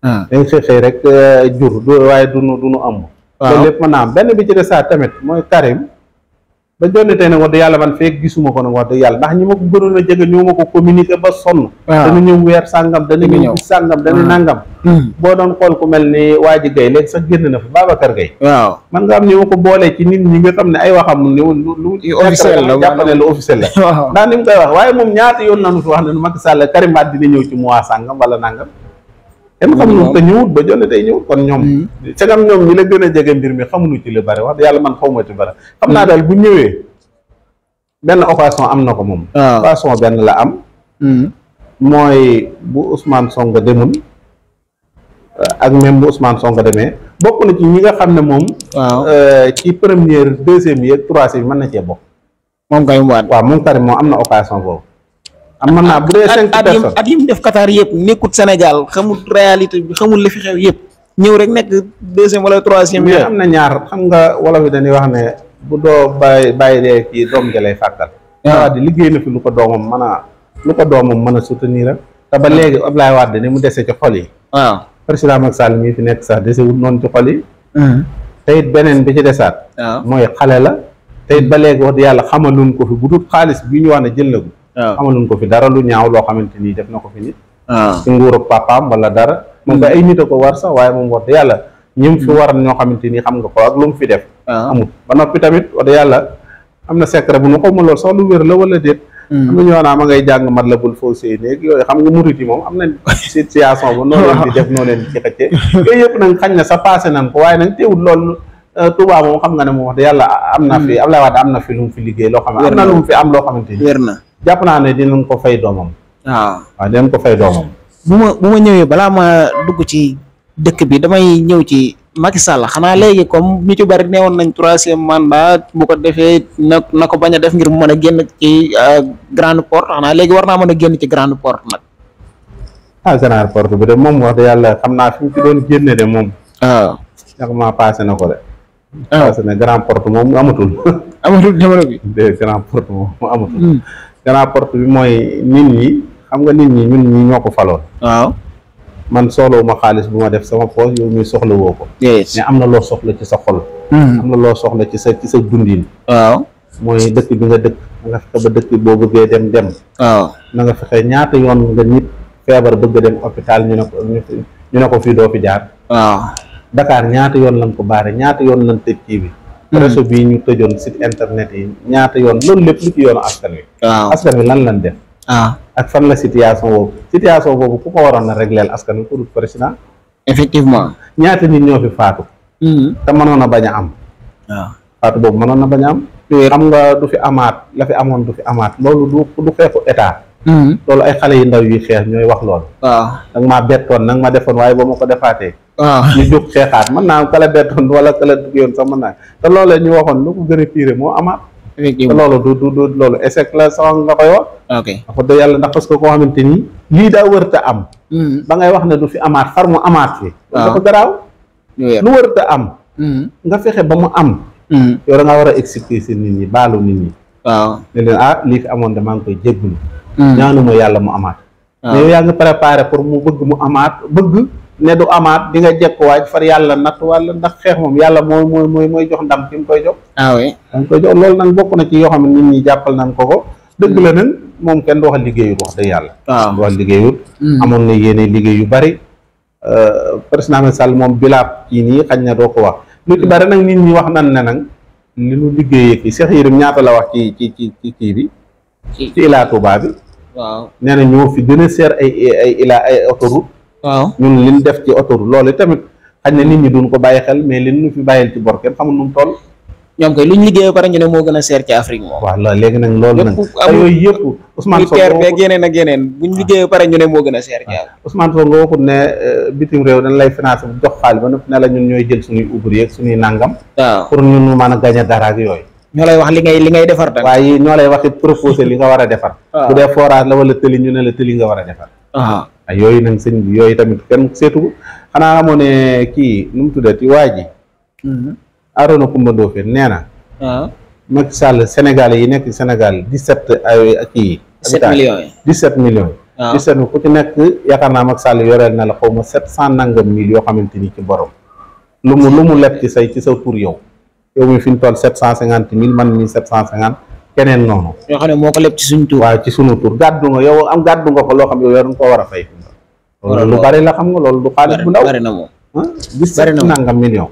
ah. dañuy xëy xëy rek euh, jur du waaye du dunu am waaw lépp mën naa benn bi ci saa tamit mooy Karim ba doon ne tey nag wax dëgg yàlla man feek gisuma ko nag wax dëgg yàlla ndax ñi ma ko gënoon a jege ñoo ma ko communiqué ba sonn dana ñëw weer sàngam dana ñëw bis sàngam dana mm. nangam mm. boo doon xool ku mel ni waa ji gay léegi sax génn na fa Babacar Gaye waaw man nga am ñi ma ko boolee ci nit ñi nga xam ne ay waxam lu lu officiel la jàpp ne lu officiel la (laughs) ndax ni mu koy wax waaye moom ñaata yoon nanu fi wax ne Macky Sall Karim Wade dina ñëw ci mois sàngam kenn xamuñu te ñëwut ba jonne tey ñëwut kon ñoom sagam hmm. ñoom ñi la gën a jege mbir mi xamuñu ci lu bari wax yàlla man xaw ma ci bari xam naa hmm. daal bu ñëwee benn occasion am na ko moom ah. occasion la am hmm. mooy bu Ousmane Sonko demul ak même bu Ousmane song demee bokk na ci ñi nga xam ne moom euh, ci première deuxième yeeg yi mën na cee bokk moom Karim Wade waaw moom Karim moo am na occasion boobu am naa bu dee cinq personnes at yi mu def Qatar yëpp nekkut Sénégal xamul réalité bi xamul li fi xew yëpp ñëw rek nekk deuxième wala troisième. bi am na ñaar xam nga wolof yi dañuy wax ne bu doo bàyyi bàyyi dee fii doom ja lay fàttal. Ah. di liggéey na fi lu ko doomam mën a lu ko mën a soutenir ak. te ba léegi Abdoulaye Wade ni mu dese ci xol yi. waaw ah. président Macky Sall mii fi nekk sax dese wut noonu ci xol yi. Hmm. te it beneen bi ci desaat. Ah. mooy xale la. te it ba léegi wax dëgg yàlla xamaluñ ko fi bu dul xaalis bi ñu wax ne jël na ko amaluñ ko fi dara lu ñaaw loo xamante ni def na ko fi nit si nguur ak papaam wala dara moom ko hmm. ay nit a ko war sax waaye moom wax dëgg yàlla ñim hmm. war ñoo ni xam nga ko ak lu mu ah. ba noppi tamit wax dëgg yàlla am na secret bu nu xaw ma loolu sax lu wér la wala déet hmm. am na ñoo naa ma ngay jàng mat la bul foo séy néeg yooyu xam nga murit yi moom am nañ situation ba noo leen di def noo leen ci xëcce (laughs) yooyu yëpp nag xañ na sa passé nan ko waaye nag teewul loolu Euh, Touba moom xam nga ne moom wax dëgg yàlla am na fi hmm. Ablaye Wade na fi lu mu fi liggéey loo xam ne am na mu fi am loo xamante ni wér na jàpp naa ne ko fay doomam ah. waaw waaw fay doomam bu ma bu ñëwee balaa ma dugg ci dëkk bi damay ñëw ci Macky Sall xanaa léegi comme ñu ci bari neewoon nañ troisième mandat bu ko defee na na ko bañ a def ngir mu mën a génn ci euh, grande porte xanaa léegi war naa mën a génn ci grande porte nag. ah grande porte de yàlla xam naa fi mu ci doon génne de moom. waaw. Ah. na ko de. parce ah. que grand porte moom amatul. (laughs) amatul jamono bi. (laughs) déedéet grand porte moom amatul. Hmm. grand porte bi mooy nit ñi xam nga nit ñi ñun ñi ñoo ko faloon. waaw man soxlawu ma xaalis bu ma def sama poos yow ñuy soxla woo ko. mais am na loo soxla ci sa xol. Hmm. am na loo soxla ci sa ci sa dundin. waaw mooy dëkk bi nga dëkk nga fexe ba dëkk boo bëggee dem dem. waaw na nga fexe ñaata yoon nga nit feebar bëgg dem hôpital ñu ne ko ñu ne ko fii doo fi jaar. waaw. Dakar ñaata yoon lañ ko baare ñaata yoon lan tëj kii bi hmm. réseau bii ñu tëjoon site internet yi ñaata yoon loolu lépp lu ci yoonu askan wi waaw askan wi lan lañ def ah ak fan la situation boobu situation boobu ku ko waroon na régler askan wi ku dul président effectivement ñaata nit ñoo fi faatu hmm. te mënoon a bañ a am waaw ah. faatu boobu mënoon na bañ am am xam nga du fi amaat la fi amoon du fi amaat loolu du du xeexu état Hmm. loolu ay xale yu ndaw yuy xeex ñooy wax loolu waaw nag maa bettoon nag ma defoon waaye ba ma ko defaatee waaw (laughs) ñu jóg naa kala wala kala yoon sax mën naa te loolee ñu waxoon lu ko gën a moo amaat te loolu du du loolu échec la sax nga koy wax ok yàlla ndax parce que koo xamante nii lii daa wërta am hmm. ba ngay wax ne du fi amaat far mu amaat fi dafa garaaw lu wërta am hmm. nga fexe ba mu am yow da war a expliquer nit ñi baalu nit ñi waaw ne leen ah lii fi amoon de maa ngi koy jégglu Mm. ñaanuma yàlla mu amaat ah. mais yow yaa ngi préparé pour mu bëgg mu amaat bëgg ne du amaat di nga jekkuwaaj far yàlla natt walla ndax xeex moom yàlla mooy mooy mooy mooy jox ndam ki mu koy jox ah oui koy jox loolu nag bokk na ci yoo xam ne nit ñi jàppal nañ ko ko dëgg la nag moom kenn du wax liggéeyut wax dëgg yàlla ah. du wax liggéeyut mm. amoon na yéene liggéey yu bari euh, président Macky moom bilaab kii nii xañ na doo ko wax lu ci bari nag nit ñi wax nan ne nag li nu liggéeyee kii Cheikh Yérim ñaata la wax ci ci ci kii bi ci ilaa Touba bi. waaw nee na ñoo fi gën a seer ay ay ilaa ay autoroute. waaw ñun liñ def ci autoroute loolu tamit xañ na nit ñi duñ ko bàyyi xel mais liñ ñu fi bàyyil ci bor kenn xamul nu mu toll. ñu liggéey ba pare ñu ne moo gën seer ci Afrique moom. waaw loolu léegi nag loolu nag yooyu yëpp Ousmane Sonko militaire beeg yeneen ak yeneen moo gën a seer ci Afrique. Ousmane Sonko nga waxut ne euh, bitim réew dañ lay financé bu jox xaalis ba noppi ne la ñun ñooy jël suñuy ouvrier suñuy nàngam. waaw pour ñun ñu mën a gañ a dara ak yooyu ñoo lay wax li ngay li ngay defar tam waaye ñoo lay wax it proposé li nga war a defar ah. bu dee forage la wala tëli ñu ne la tëli nga war a defar ah, ah yooyu nag sëñ bi yooyu tamit kenn seetu xanaa xamoo ne kii nu mu tuddati waa ji mm-hmm. Arona Coumba Ndoffène nee na ah. Macky Sall Sénégal yi nekk Sénégal dix-sept ay kii dix-sept millions yi dix-sept millions yi dix-sept ku ci nekk yaakaar naa Macky sàll yoreel na la xaw ma sept cent nangam mille yoo xamante ni ci borom lu mu mu leb ci say ci sa tur yow yow mi fi ñu toll sept cent cinquante mille man mi sept cent xam ne moo ko leb ci suñ tur. waaw ci suñu tur gàddu nga am gàddu nga ko loo xam yow yaa doon ko war a fay. loolu bari la xam loolu du xaalis bu ndaw bari na moom bari na moom million.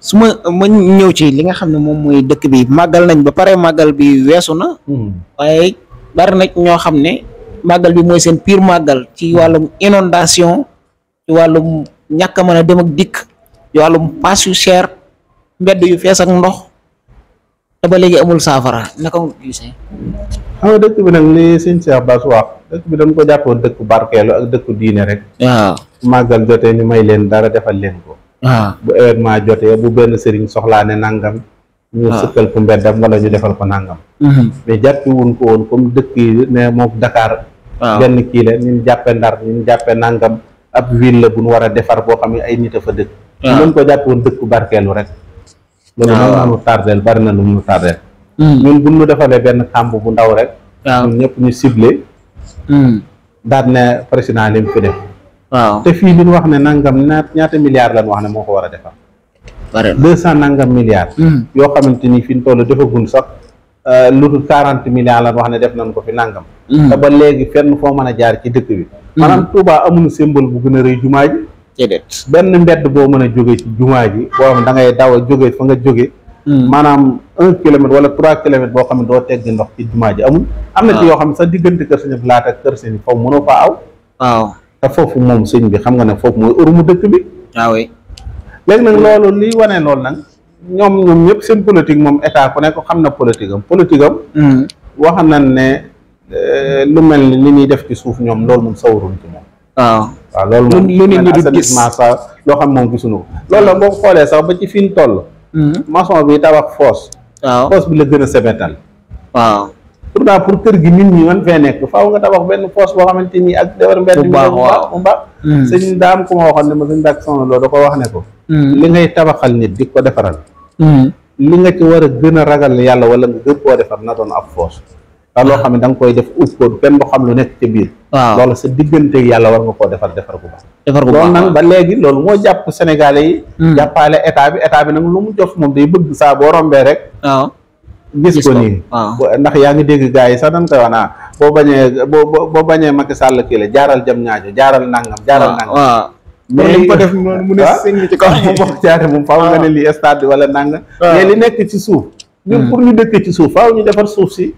su ma ma ñëw ci li nga xam ne moom mooy dëkk bi màggal nañ ba pare màggal bi weesu na. waaye bari na ñoo xam ne màggal bi mooy seen pire màggal ci wàllum inondation ci wàllum ñàkk a mën a dem ak dikk ci wàllum paas yu cher. mbedd yu fees ak ndox te ba léegi amul saafara naka nga gisee. xam nga dëkk bi nag li sëñ wax dëkk bi dañ ko jàppoo dëkk barkeelu ak dëkk diine rek. waaw màggal jotee ñu may leen dara defal leen ko. waaw bu événement bu benn sëriñ soxlaa ne nangam. ñu sëkkal defal ko nangam. Mm-hmm. ko woon Dakar. kii la ndar ñu jàppe ab ville la bu war a defar boo xam ay nit a fa ko jàpp woon dëkk barkeelu rek. loolu ah, mën nañu tardeel bari na nu mu tardeel hmm. ñun bu ñu defalee benn kàmb bu ndaw rek ñun ñëpp ñu ciblé hmm. daal ne président li mu fi def te fii li ñu wax ne nangam ñaata milliards lañ wax ne moo ko war a defar deux cent nangam milliards hmm. yoo xamante ni fi ñu toll defagun sax euh, lu dul quarante milliards lañ wax ne def nañ ko fi nangam te ba léegi fenn foo mën a jaar ci dëkk bi maanaam Touba amul symbole bu gën a rëy jumaa ji déedéet benn mbedd boo mën a jógee ci jumaa ji boo xam da ngay daw a jóge fa nga jóge hmm. maanaam un kilomètre wala trois kilomètres boo xam ne doo tegg ndox ci jumaa ji amul am na ci ah. yoo xam ne sa diggante kër sëñ bi laata kër sëñ bi faw mënoo foofu moom sëñ bi xam nga ne foofu mooy ërumu dëkk bi waaw ah léegi nag loolu liy wane loolu nag ñoom ñoom ñëpp seen politique moom état ku nekk xam na politique am politique am hmm. wax nañ ne euh, lu mel ni li ñuy def ci suuf ñoom loolu moom sawarul ci moom waaw waaw loolu moom lu nit ñi du gis sa loo xam moom gisuñu ko loolu la boo xoolee sax ba ci fi ñu toll hmm. maçon bi tabax foos waaw foos bi la gën a sebetal waaw pourtant pour kër gi nit ñi man fee nekk faaw nga tabax benn foos boo xamante ni ak defar mbedd mi mu baax hmm. sëñ daam ku ma waxoon ne ma sëñ dàkk sono loolu da ko wax ne ko hmm. li ngay tabaxal nit di ko defaral li nga ci war a gën a ragal yàlla wala nga gën koo defar na doon ab foos ndax loo xam ne da nga koy def ut ko benn boo xam lu nekk ca biir loolu sa diggante yàlla war nga koo defar defar gu baax defar gu loolu nag ba léegi loolu moo jàpp sénégalais yi hmm. jàppaale état bi état bi nag lu mu jof moom day bëgg saa boo rombee rek waaw gis ko nii ndax yaa ngi dégg gars yi sax dañ koy wax naa boo bañee boo boo bañee Macky Sall kii la jaaral jam ñaajo jaaral nangam jaaral nangam mais li ko def noonu (laughs) mu ne ah? sëñ ci kaw mu (laughs) bokk jaare moom faaw nga ne lii nekk ci suuf hmm. pour ñu dëkk ci suuf faaw ñu defar suuf si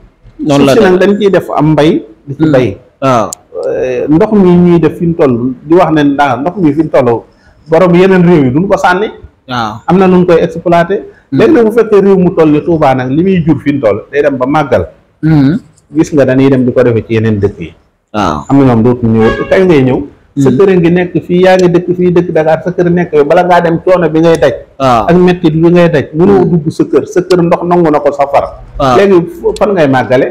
noonu la nag dañ ciy def am mbay di ci bay waaw hmm. ah. eh, ndox mi ñuy def fi mu toll di wax ne daa ndox mi fi mu toll borom yeneen réew yi duñu ko sànni waaw ah. am na lu ñu koy exploité hmm. léegi nag bu fekkee réew mu toll ni nag li muy jur fi mu toll day dem ba màggal hmm. gis nga dañuy dem du ko defee ci yeneen dëkk yi waaw ah. am na ñoom dootu ñëw ngay ñëw sa hmm. kër ngi nekk fii yaa ngi dëkk fii dëkk Dakar sa kër nekk yow bala ngaa dem coono bi ngay daj waaw ah. ak mettit bi ngay daj mënoo hmm. dugg sa kër ndox nangu na ko safara ah. léegi fan ngay màggale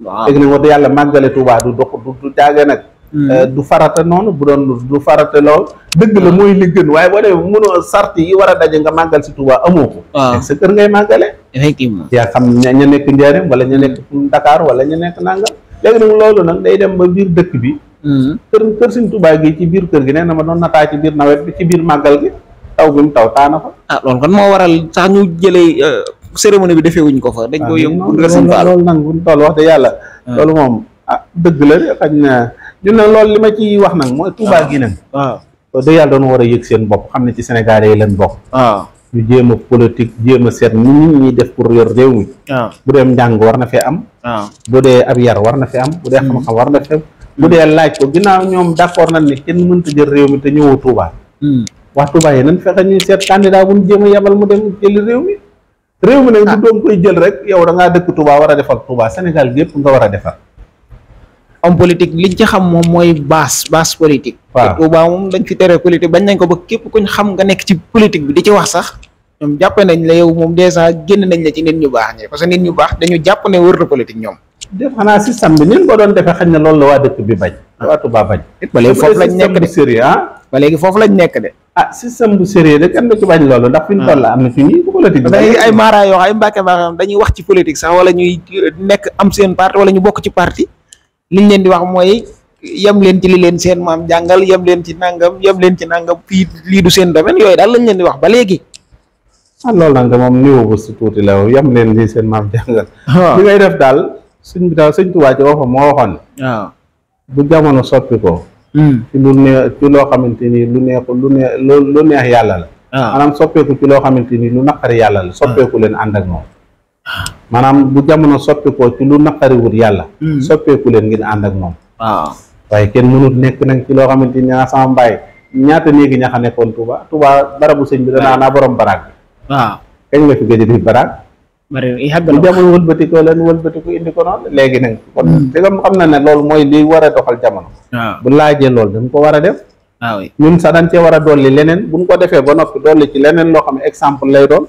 léegi nag wax dëgg yàlla màggale Tuubaa du dox du jaage nag hmm. eh, du farata noonu bu doon du farata lool dëgg la ah. mooy li waaye boo demee mënoo sart yi war a daje nga màggal si tubaa amoo ko sa kër ngay màggale effectivement yaa xam ña nekk Njaaréem wala ña nekk ndakaar wala ña nekk Nangal léegi nag loolu nag day dem ba biir dëkk bi Mm-hmm. kër kër Sëñ gi ci biir kër gi nee na ma doon nataa ci biir nawet bi ci biir màggal gi taw bi mu taw taana fa ah loolu kon moo waral sax ñu jëlee euh, cérémonie bi defee wuñ ko fa dañ ko ah, yóbbu kër Sëñ Tuubaa loolu nag buñ toll wax ah. moom ah, dëgg la de xañ na ñun li ma ci wax nag mooy Tuubaa gi nag waaw de yàlla doon war a yëg seen bopp xam ne ci Sénégal yi leen bokk waaw ñu jéem a politique jéem a seet ni nit ñi def pour yor réew mi bu dee njàng war na fee am bu dee ab yar war na fi am bu dee mm-hmm. xam-xam war na fi mu dee laaj ko naa ñoom d'accord nañ ni kenn mënta jël réew mi te ñëwoo Touba. Hmm. wax Touba yi nañ fexe ñuy seet candidat bu ñu jéem a yebal mu dem jëli réew mi. réew mi nag ah. koy jël rek yow da ngaa dëkk Touba war a defal Touba Sénégal yëpp nga war a defal. homme politique liñ ci xam moom mooy base base politique. waaw Touba moom dañ fi tere politique bañ nañ ko ba képp kuñ xam nga nekk ci politique bi di ci wax sax. ñoom jàpp nañ la yow moom dèjà génn nañ la ci nit ñu baax ñi parce ñu baax dañu jàpp ne wër na politique ñoom. def xanaa si samedi ni nga ko doon defee xañ na loolu la waa dëkk bi bañ waa Touba bañ ba léegi foofu lañ nekk de sérieux ah ba léegi foofu lañ nekk de ah système bu sérieux de kenn du ci bañ loolu ndax fi ñu toll am na fi ñuy politique ay maara ci politique sax wala ñuy nekk am seen parti wala ñu bokk ci parti liñ leen di wax mooy yem leen ci li leen seen maam jàngal yam leen ci nangam yem leen ci nangam fii lii du seen domaine yooyu daal lañ leen di wax ba léegi ah loolu nag moom niveau bu si tuuti la yem leen li seen maam jàngal ah. li sëñ bi daal sëñ Tuubaa ci waxam moo waxoon ne bu jamono soppi ko hmm. ci loo xamante ni lu neexu lu neex neex yàlla la ah. maanaam soppeeku ci loo xamante ni lu naqari yàlla la soppeeku ah. leen ànd moom maanaam bu jamono soppikoo ci lu naqariwut yàlla hmm. soppeeku leen ngeen ànd ak moom waaw ah. waaye kenn mënut nekk nag ci loo xamante ni sama mbaay ñaata néegi ñaxa nekkoon Touba Touba barabu sëñ bi danaa naa borom baraag bi kañ nga fi gëj a def bari i xagg na jamono wëlbati ko leen wëlbati ko indi ko noonu léegi nag kon dëggam hmm. na ne loolu mooy li war a doxal jamono bu laajee loolu dañ ko war a def waaw ah ñun sax dañ cee war a dolli leneen bu buñ ko defee ba noppi dool dolli ci leneen loo xam ne exemple lay doon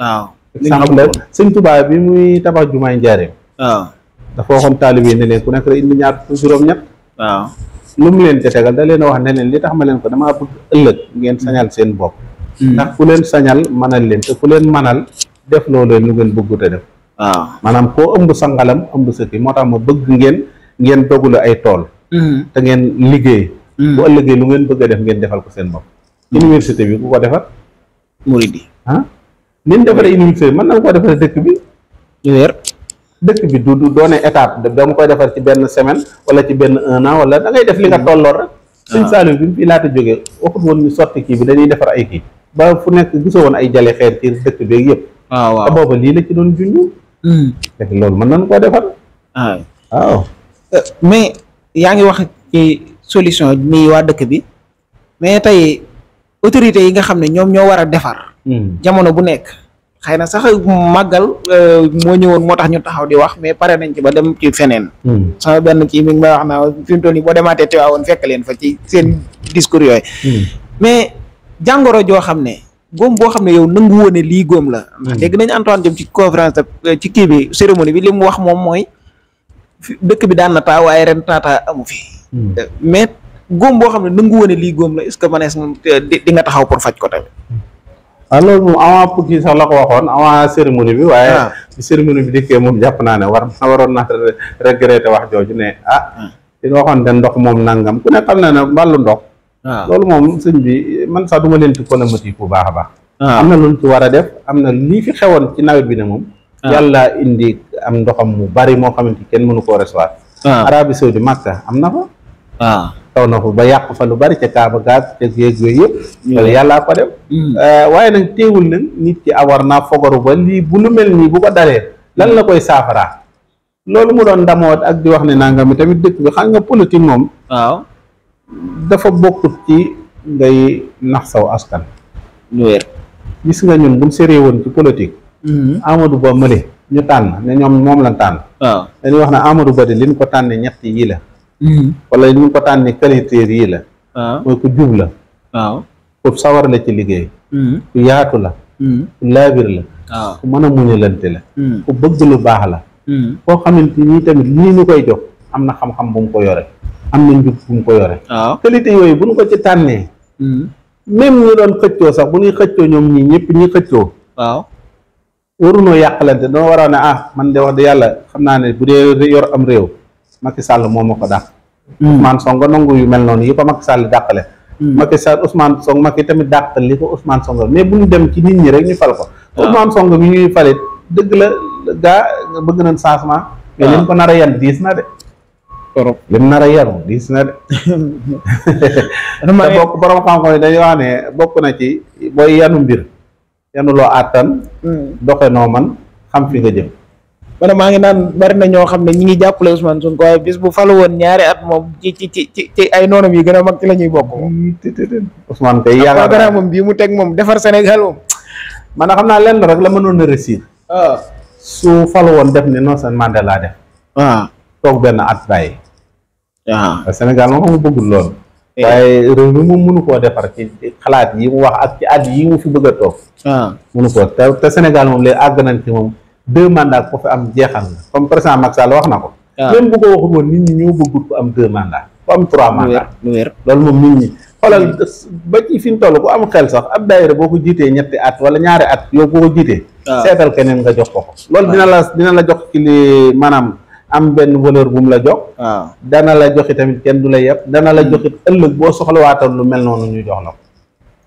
waaw exemple la sëñ Tuubaa bi muy tabax jumaay njaareem waaw dafa waxoon taalib yi ne leen ku nekk rek indi ñaar juróom-ñett waaw lu mu leen te tegal da leen wax ne leen li tax ma leen ko dama bëgg ëllëg ngeen sañal seen bopp hmm. ndax ku leen sañal leen te ku leen def loo leen lu ngeen bëggut a def waaw ah. maanaam koo ëmb sa ngalam ëmb sa kii moo tax ma bëgg ngeen ngeen dogule ay tool mm-hmm. te ngeen liggéey mm-hmm. bu ëllëgee lu ngeen bëgg a def ngeen defal ko seen bopp mm-hmm. université bi ku ko defar murid yi ah nin defaree université bi mën na nga defaree dëkk bi wér dëkk bi du du doone étape dama koy defar ci benn semaine wala ci benn un an wala da ngay def li nga tolloon rek ah. suñ Saliou laata jógee waxut woon ñu sotti kii bi dañuy defar ay kii ba fu nekk gisoo woon ay jalee xeer ci dëkk beeg yëpp Ah, waaw waaw booba lii la ci doon junj. Hmm. fekk man na nañu koo defar. Ah. waaw euh, mais yaa ngi wax ci solution nii waa dëkk bi mais tey autorité yi nga xam ne ñoom ñoo war a defar. Hmm. jamono bu nekk xëy na sax màggal euh, moo ñëwoon moo tax ñu taxaw di wax mais pare nañ ci ba dem ci feneen. Hmm. sama benn kii mi ngi may wax naa fi mu boo demaatee teewaawoon fekk leen fa ci seen discours yooyu. mais jàngoro joo xam ne. góom boo xam ne yow nangu woon lii góom la. dégg hmm. nañu Antoine Diome ci conférence euh, ci kii bi cérémonie bi li wax moom mooy dëkk bi daan na taa waaye ren taataa amu fi. Hmm. Euh, mais góom boo xam ne nangu woon ne lii góom la est-ce que manees moom euh, di nga taxaw pour faj ko tamit. waaw hmm. ah, loolu moom avant kii sax la ko waxoon avant cérémonie bi. waaye ci ah. cérémonie bi dikkee moom jàpp naa ne war na (laughs) waroon naa regretter wax jooju ne ah. li waxoon de ndox moom nangam ku ne xam na ne wàllu ndox. loolu moom sëñ bi man sax du ma leen ci bu baax a baax. am na luñ ci war a def am na lii fi xewoon ci nawet bi ne moom. yàlla indi am ndoxam mu bari moo xamante ni kenn mënu koo recevoir. Arabie Saoudi Makka am na fa. na fa ba yàq fa lu bari ca Kaaba gaag ca géej yooyu yëpp. Mm. loolu yàllaa ko def. Mm. Euh, waaye nag teewul nag nit ki awar naa fogaru ba lii bu lu mel nii bu ko dalee lan la koy saafaraa. loolu mu doon ndamoot ak di wax ne nangam mi tamit dëkk bi xam nga politique moom. dafa bokkut ci ngay nax saw askan lu wér gis nga ñun buñ séree woon ci politique mm-hmm. Amadou Ba mële ñu tànn ne ñoom moom lañ tànn dañuy wax ne Amadou Ba de liñ ko tànnee ñett yii la mm-hmm. wala ñu ko tànnee qualité yii la mooy ku jub la ku sawar la ci liggéey mm-hmm. ku yaatu la ku laabir la ku mën a muñalante la ku bëgg lu baax la koo xam nii tamit lii ñu koy jox am na xam-xam bu mu ko yore am na njub bu mu ko yore waaw qualité yooyu bu ñu ko ci tànnee hmm. même ñu doon xëccoo sax bu ñuy xëccoo ñoom ñii ñëpp ñi xëccoo waaw warunoo yàqalante doo waroon ne ah man de wax de yàlla xam naa ne bu dee yor am réew Macky Sall moom ma ko dàq hmm. Ousmane Sonko nangu yu mel noonu yëpp a Macky Sall dàqale hmm. Macky Sall Ousmane Sonko Macky tamit dàqal li ko Ousmane Sonko mais bu ñu dem ci nit ñi rek ñu fal ko Ousmane Sonko mi ñuy falit dëgg la gaa bëgg nañ changement mais leen torop lim nar a yaru diis na de. (laughs) te bokk borom xam-xam yi wax ne bokk na ci booy yanu mbir yanu loo àttan. Hmm. doxe noo man xam fi nga jëm. man maa ngi naan bari na ñoo xam ne ñi ngi jàppale Ousmane Sonko waaye woon ñaari at ci ci ci ci ay yi gën a mag ci la ñuy bokk. bii mu teg moom defar Sénégal moom. xam naa lenn rek la mënoon na réussir. Ah. su falu woon def ne Nelson Mandela def. Ah. toog benn at bàyyi. waaw ah. Sénégal moom mu bëggul lool. Eh. waaye réew mi moom mënu koo defar ci xalaat yi mu wax ak ci at yi mu fi bëgg a toog. waaw ah. mënu ko te te Sénégal moom léegi àgg nañ ci moom deux mandats ko fi am jeexal na comme président Macky Sall wax na ko. Ah. même bu ko waxul woon nit ñi ñoo bëggul ko am deux mandats. ko am trois mandats wér loolu moom nit ñi. xoolal hmm. ba fi mu toll ku am xel sax ab daayira boo ko jiitee ñetti at wala ñaari at yoo boo ko jiitee. seetal keneen nga jox ko ko. loolu maanaam. am benn valeur bu mu la jox. waaw ah. dana la joxi tamit kenn du la yëpp dana la joxit ëllëg boo soxlawaatoon lu mel noonu ñu jox la ko.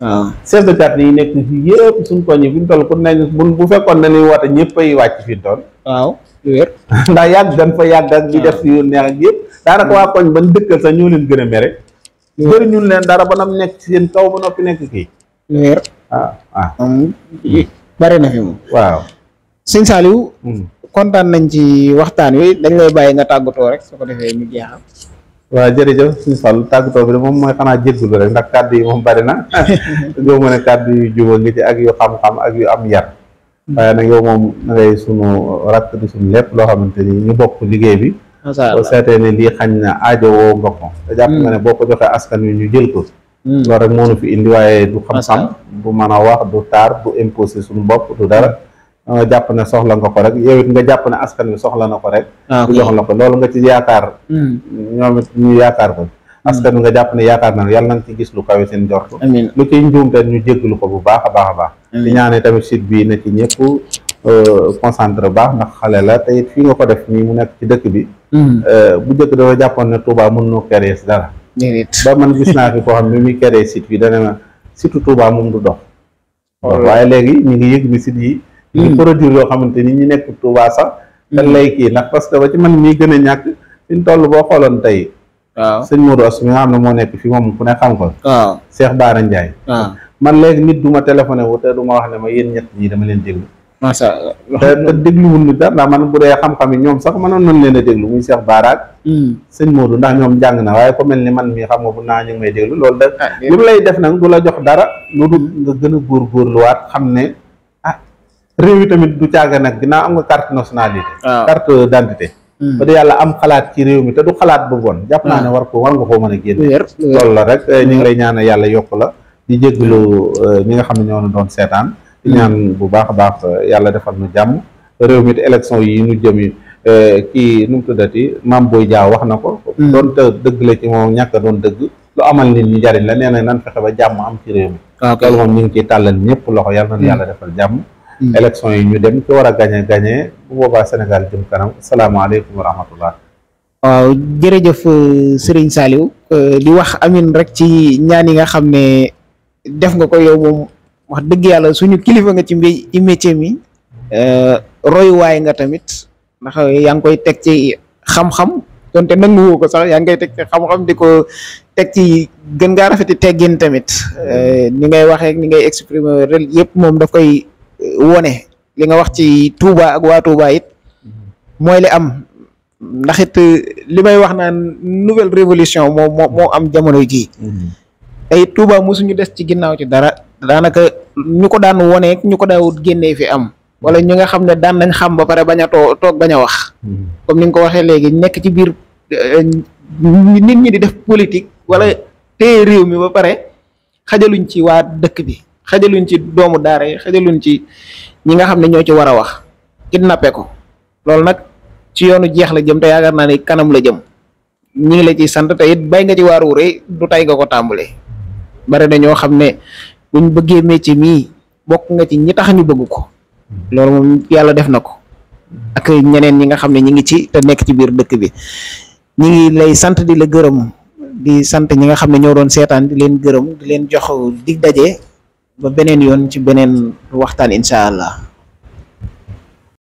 waaw ah. chef de quartier yi nekk fii yëpp suñ ko ñi fi ñu toll ku ne bu bu fekkoon na ni woote ñëpp ay wàcc fi toll. waaw wér. (laughs) ndax yàgg dañ fa yàgg ak di def ah. yu neex ak yëpp daanaka waa koñ ban dëkkal sax ñoo leen gën a mere. jëriñul leen dara ba nam nekk ci seen kaw ba noppi nekk kii. wér. waaw waaw. bari na fi moom. waaw. sëñ Saliou. Hmm. kontaan nañ ci waxtaan wi dañ lay bàyyi nga tàggatoo rek soo ko defee ñu jeexal. waaw jërëjëf suñu fàll tàggatoo bi de moom mooy xanaa jéggalu rek ndax kàddu yi moom bari na (laughs) yow ma ne kàddu yu nga ci ak yu xam-xam ak yu am yar waaye nag yow moom da ngay sunu rakk di sunu lépp loo xamante ni ñu bokk liggéey bi boo seetee lii xañ na aajo woo nga ko te mm. nga ne boo ko joxee askan wi ñu jël ko mm. loolu rek moo nu fi indi waaye du xam-xam du mën a wax du taar du imposé suñu bopp du dara jàpp ne soxla nga ko rek yow it nga jàpp ne askan wi soxla na ko rek bu ah, jox la ko loolu nga ci yaakaar hmm. ñoom it ñu yaakaar ko askan wi nga jàpp ne yaakaar na yàlla nañ ci gis lu kawe seen jort lu ciy njuumte ñu jégglu ko bu baax a baax a baax di ñaane bii na ci ñëpp euh, concentré baax ndax xale la te it fii nga ko def nii mu nekk ci dëkk bi hmm. euh, bu jëkk dafa jàppoon na Touba mën noo créer si dara ba man gis naa fi koo xam ni muy créer site bi dana na surtout Touba moom du dox oh. waaye léegi ñu ngi yëg ni site yi di hmm. produire yoo xamante ni ñi nekk Touba sax dañ hmm. lay kii ndax parce que ba ci man mii gën a ñàkk fi toll boo xooloon tey waaw sëñ Modou Ass mi nga xam ne moo nekk fi moom ku ne xam ko waaw Cheikh Baara man léegi nit du ma téléphoné wu te ma wax ne ma yéen ñett ñii dama leen déglu macha allah te dégluwul ni dara man bu dee xam-xam yi ñoom sax manoon nañ leen déglu muy seex Baaraak hmm. sëñ Modou ndax ñoom jàng na waaye ko mel ni man mii xam nga bu naa ñu ngi may déglu loolu da ah, li mu lay def nag du la jox dara lu dul nga gën a góorgóorluwaat xam ne réew yi tamit du caaga nag dinaa am nga carte nationalité ah. carte d'identité hmm. ba da yàlla am xalaat ci réew mi te du xalaat bu bon jàpp naa ne ah. war ko war nga koo mën a génn loolu la rek eh, ñu ngi lay ñaan yàlla yokk la di jéggalu eh, ñi nga xam ne ñoo doon seetaan di ñaan hmm. bu baax a baax eh, yàlla defal na jàmm réew mi te élection yi ñu jëmi kii nu mu tuddati maam booy jaaw wax na ko hmm. doon te dëgg la ci moom ñàkk doon dëgg lu amal nit ñu njariñ la nee na nan fexe ba jàmm am ci réew mi ah, loolu moom ñu ngi ciy tàllal ñëpp loxo yàlla na yàlla defal jàmm Mm. élection yi ñu dem ko war a gagné gagné bu boobaa Sénégal jëm kanam salaamaaleykum wa rahmatullah waaw jërëjëf euh, Serigne Saliou euh, di wax amin rek ci ñaan yi nga xam ne def nga ko yow moom wax dëgg yàlla suñu kilifa nga ci mbé ci métier mi euh, royuwaay nga tamit ndax yaa ngi koy teg ci xam-xam donte nanguwoo ko sax yaa ngi koy teg ci xam-xam di ko teg ci gën ngaa rafeti teggin tamit ni ngay waxee ni ngay exprimer yëpp moom daf koy wone li nga wax ci Touba ak waa Touba it mooy li am ndax it li may wax na nouvelle révolution moo moo moo am jamono jii tey mm-hmm. Touba mosuñu des ci ginnaaw ci dara daanaka ñu ko daan woneek ñu ko daawut génnee fi am wala ñu nga xam ne daan nañ xam ba pare bañ a too toog bañ a wax kom mm-hmm. ni nga ko waxee léegi nekk ci biir eh, nit ñi di def politique wala te réew mi ba pare xajaluñ ci waa dëkk bi xajaluñ ci doomu daara yi xajaluñ ci ñi nga xam ne ñoo ci war a wax kidnappé ko loolu nag ci yoonu jeex la jëm te yaakaar naa ne kanam la jëm ñi ngi la ciy sant te it bay nga ci waaru rëy du tay nga ko tàmbalee bari na ñoo xam ne buñ bëggee métier mii bokk nga ci ñi tax ñu bëgg ko loolu moom yàlla def na ko ak ñeneen ñi nga xam ne ñi ngi ci te nekk ci biir dëkk bi ñi ngi lay sant di la gërëm di sant ñi nga xam ne ñoo doon seetaan di leen gërëm di leen jox dig daje ba beneen yoon ci beneen waxtaan incha allah.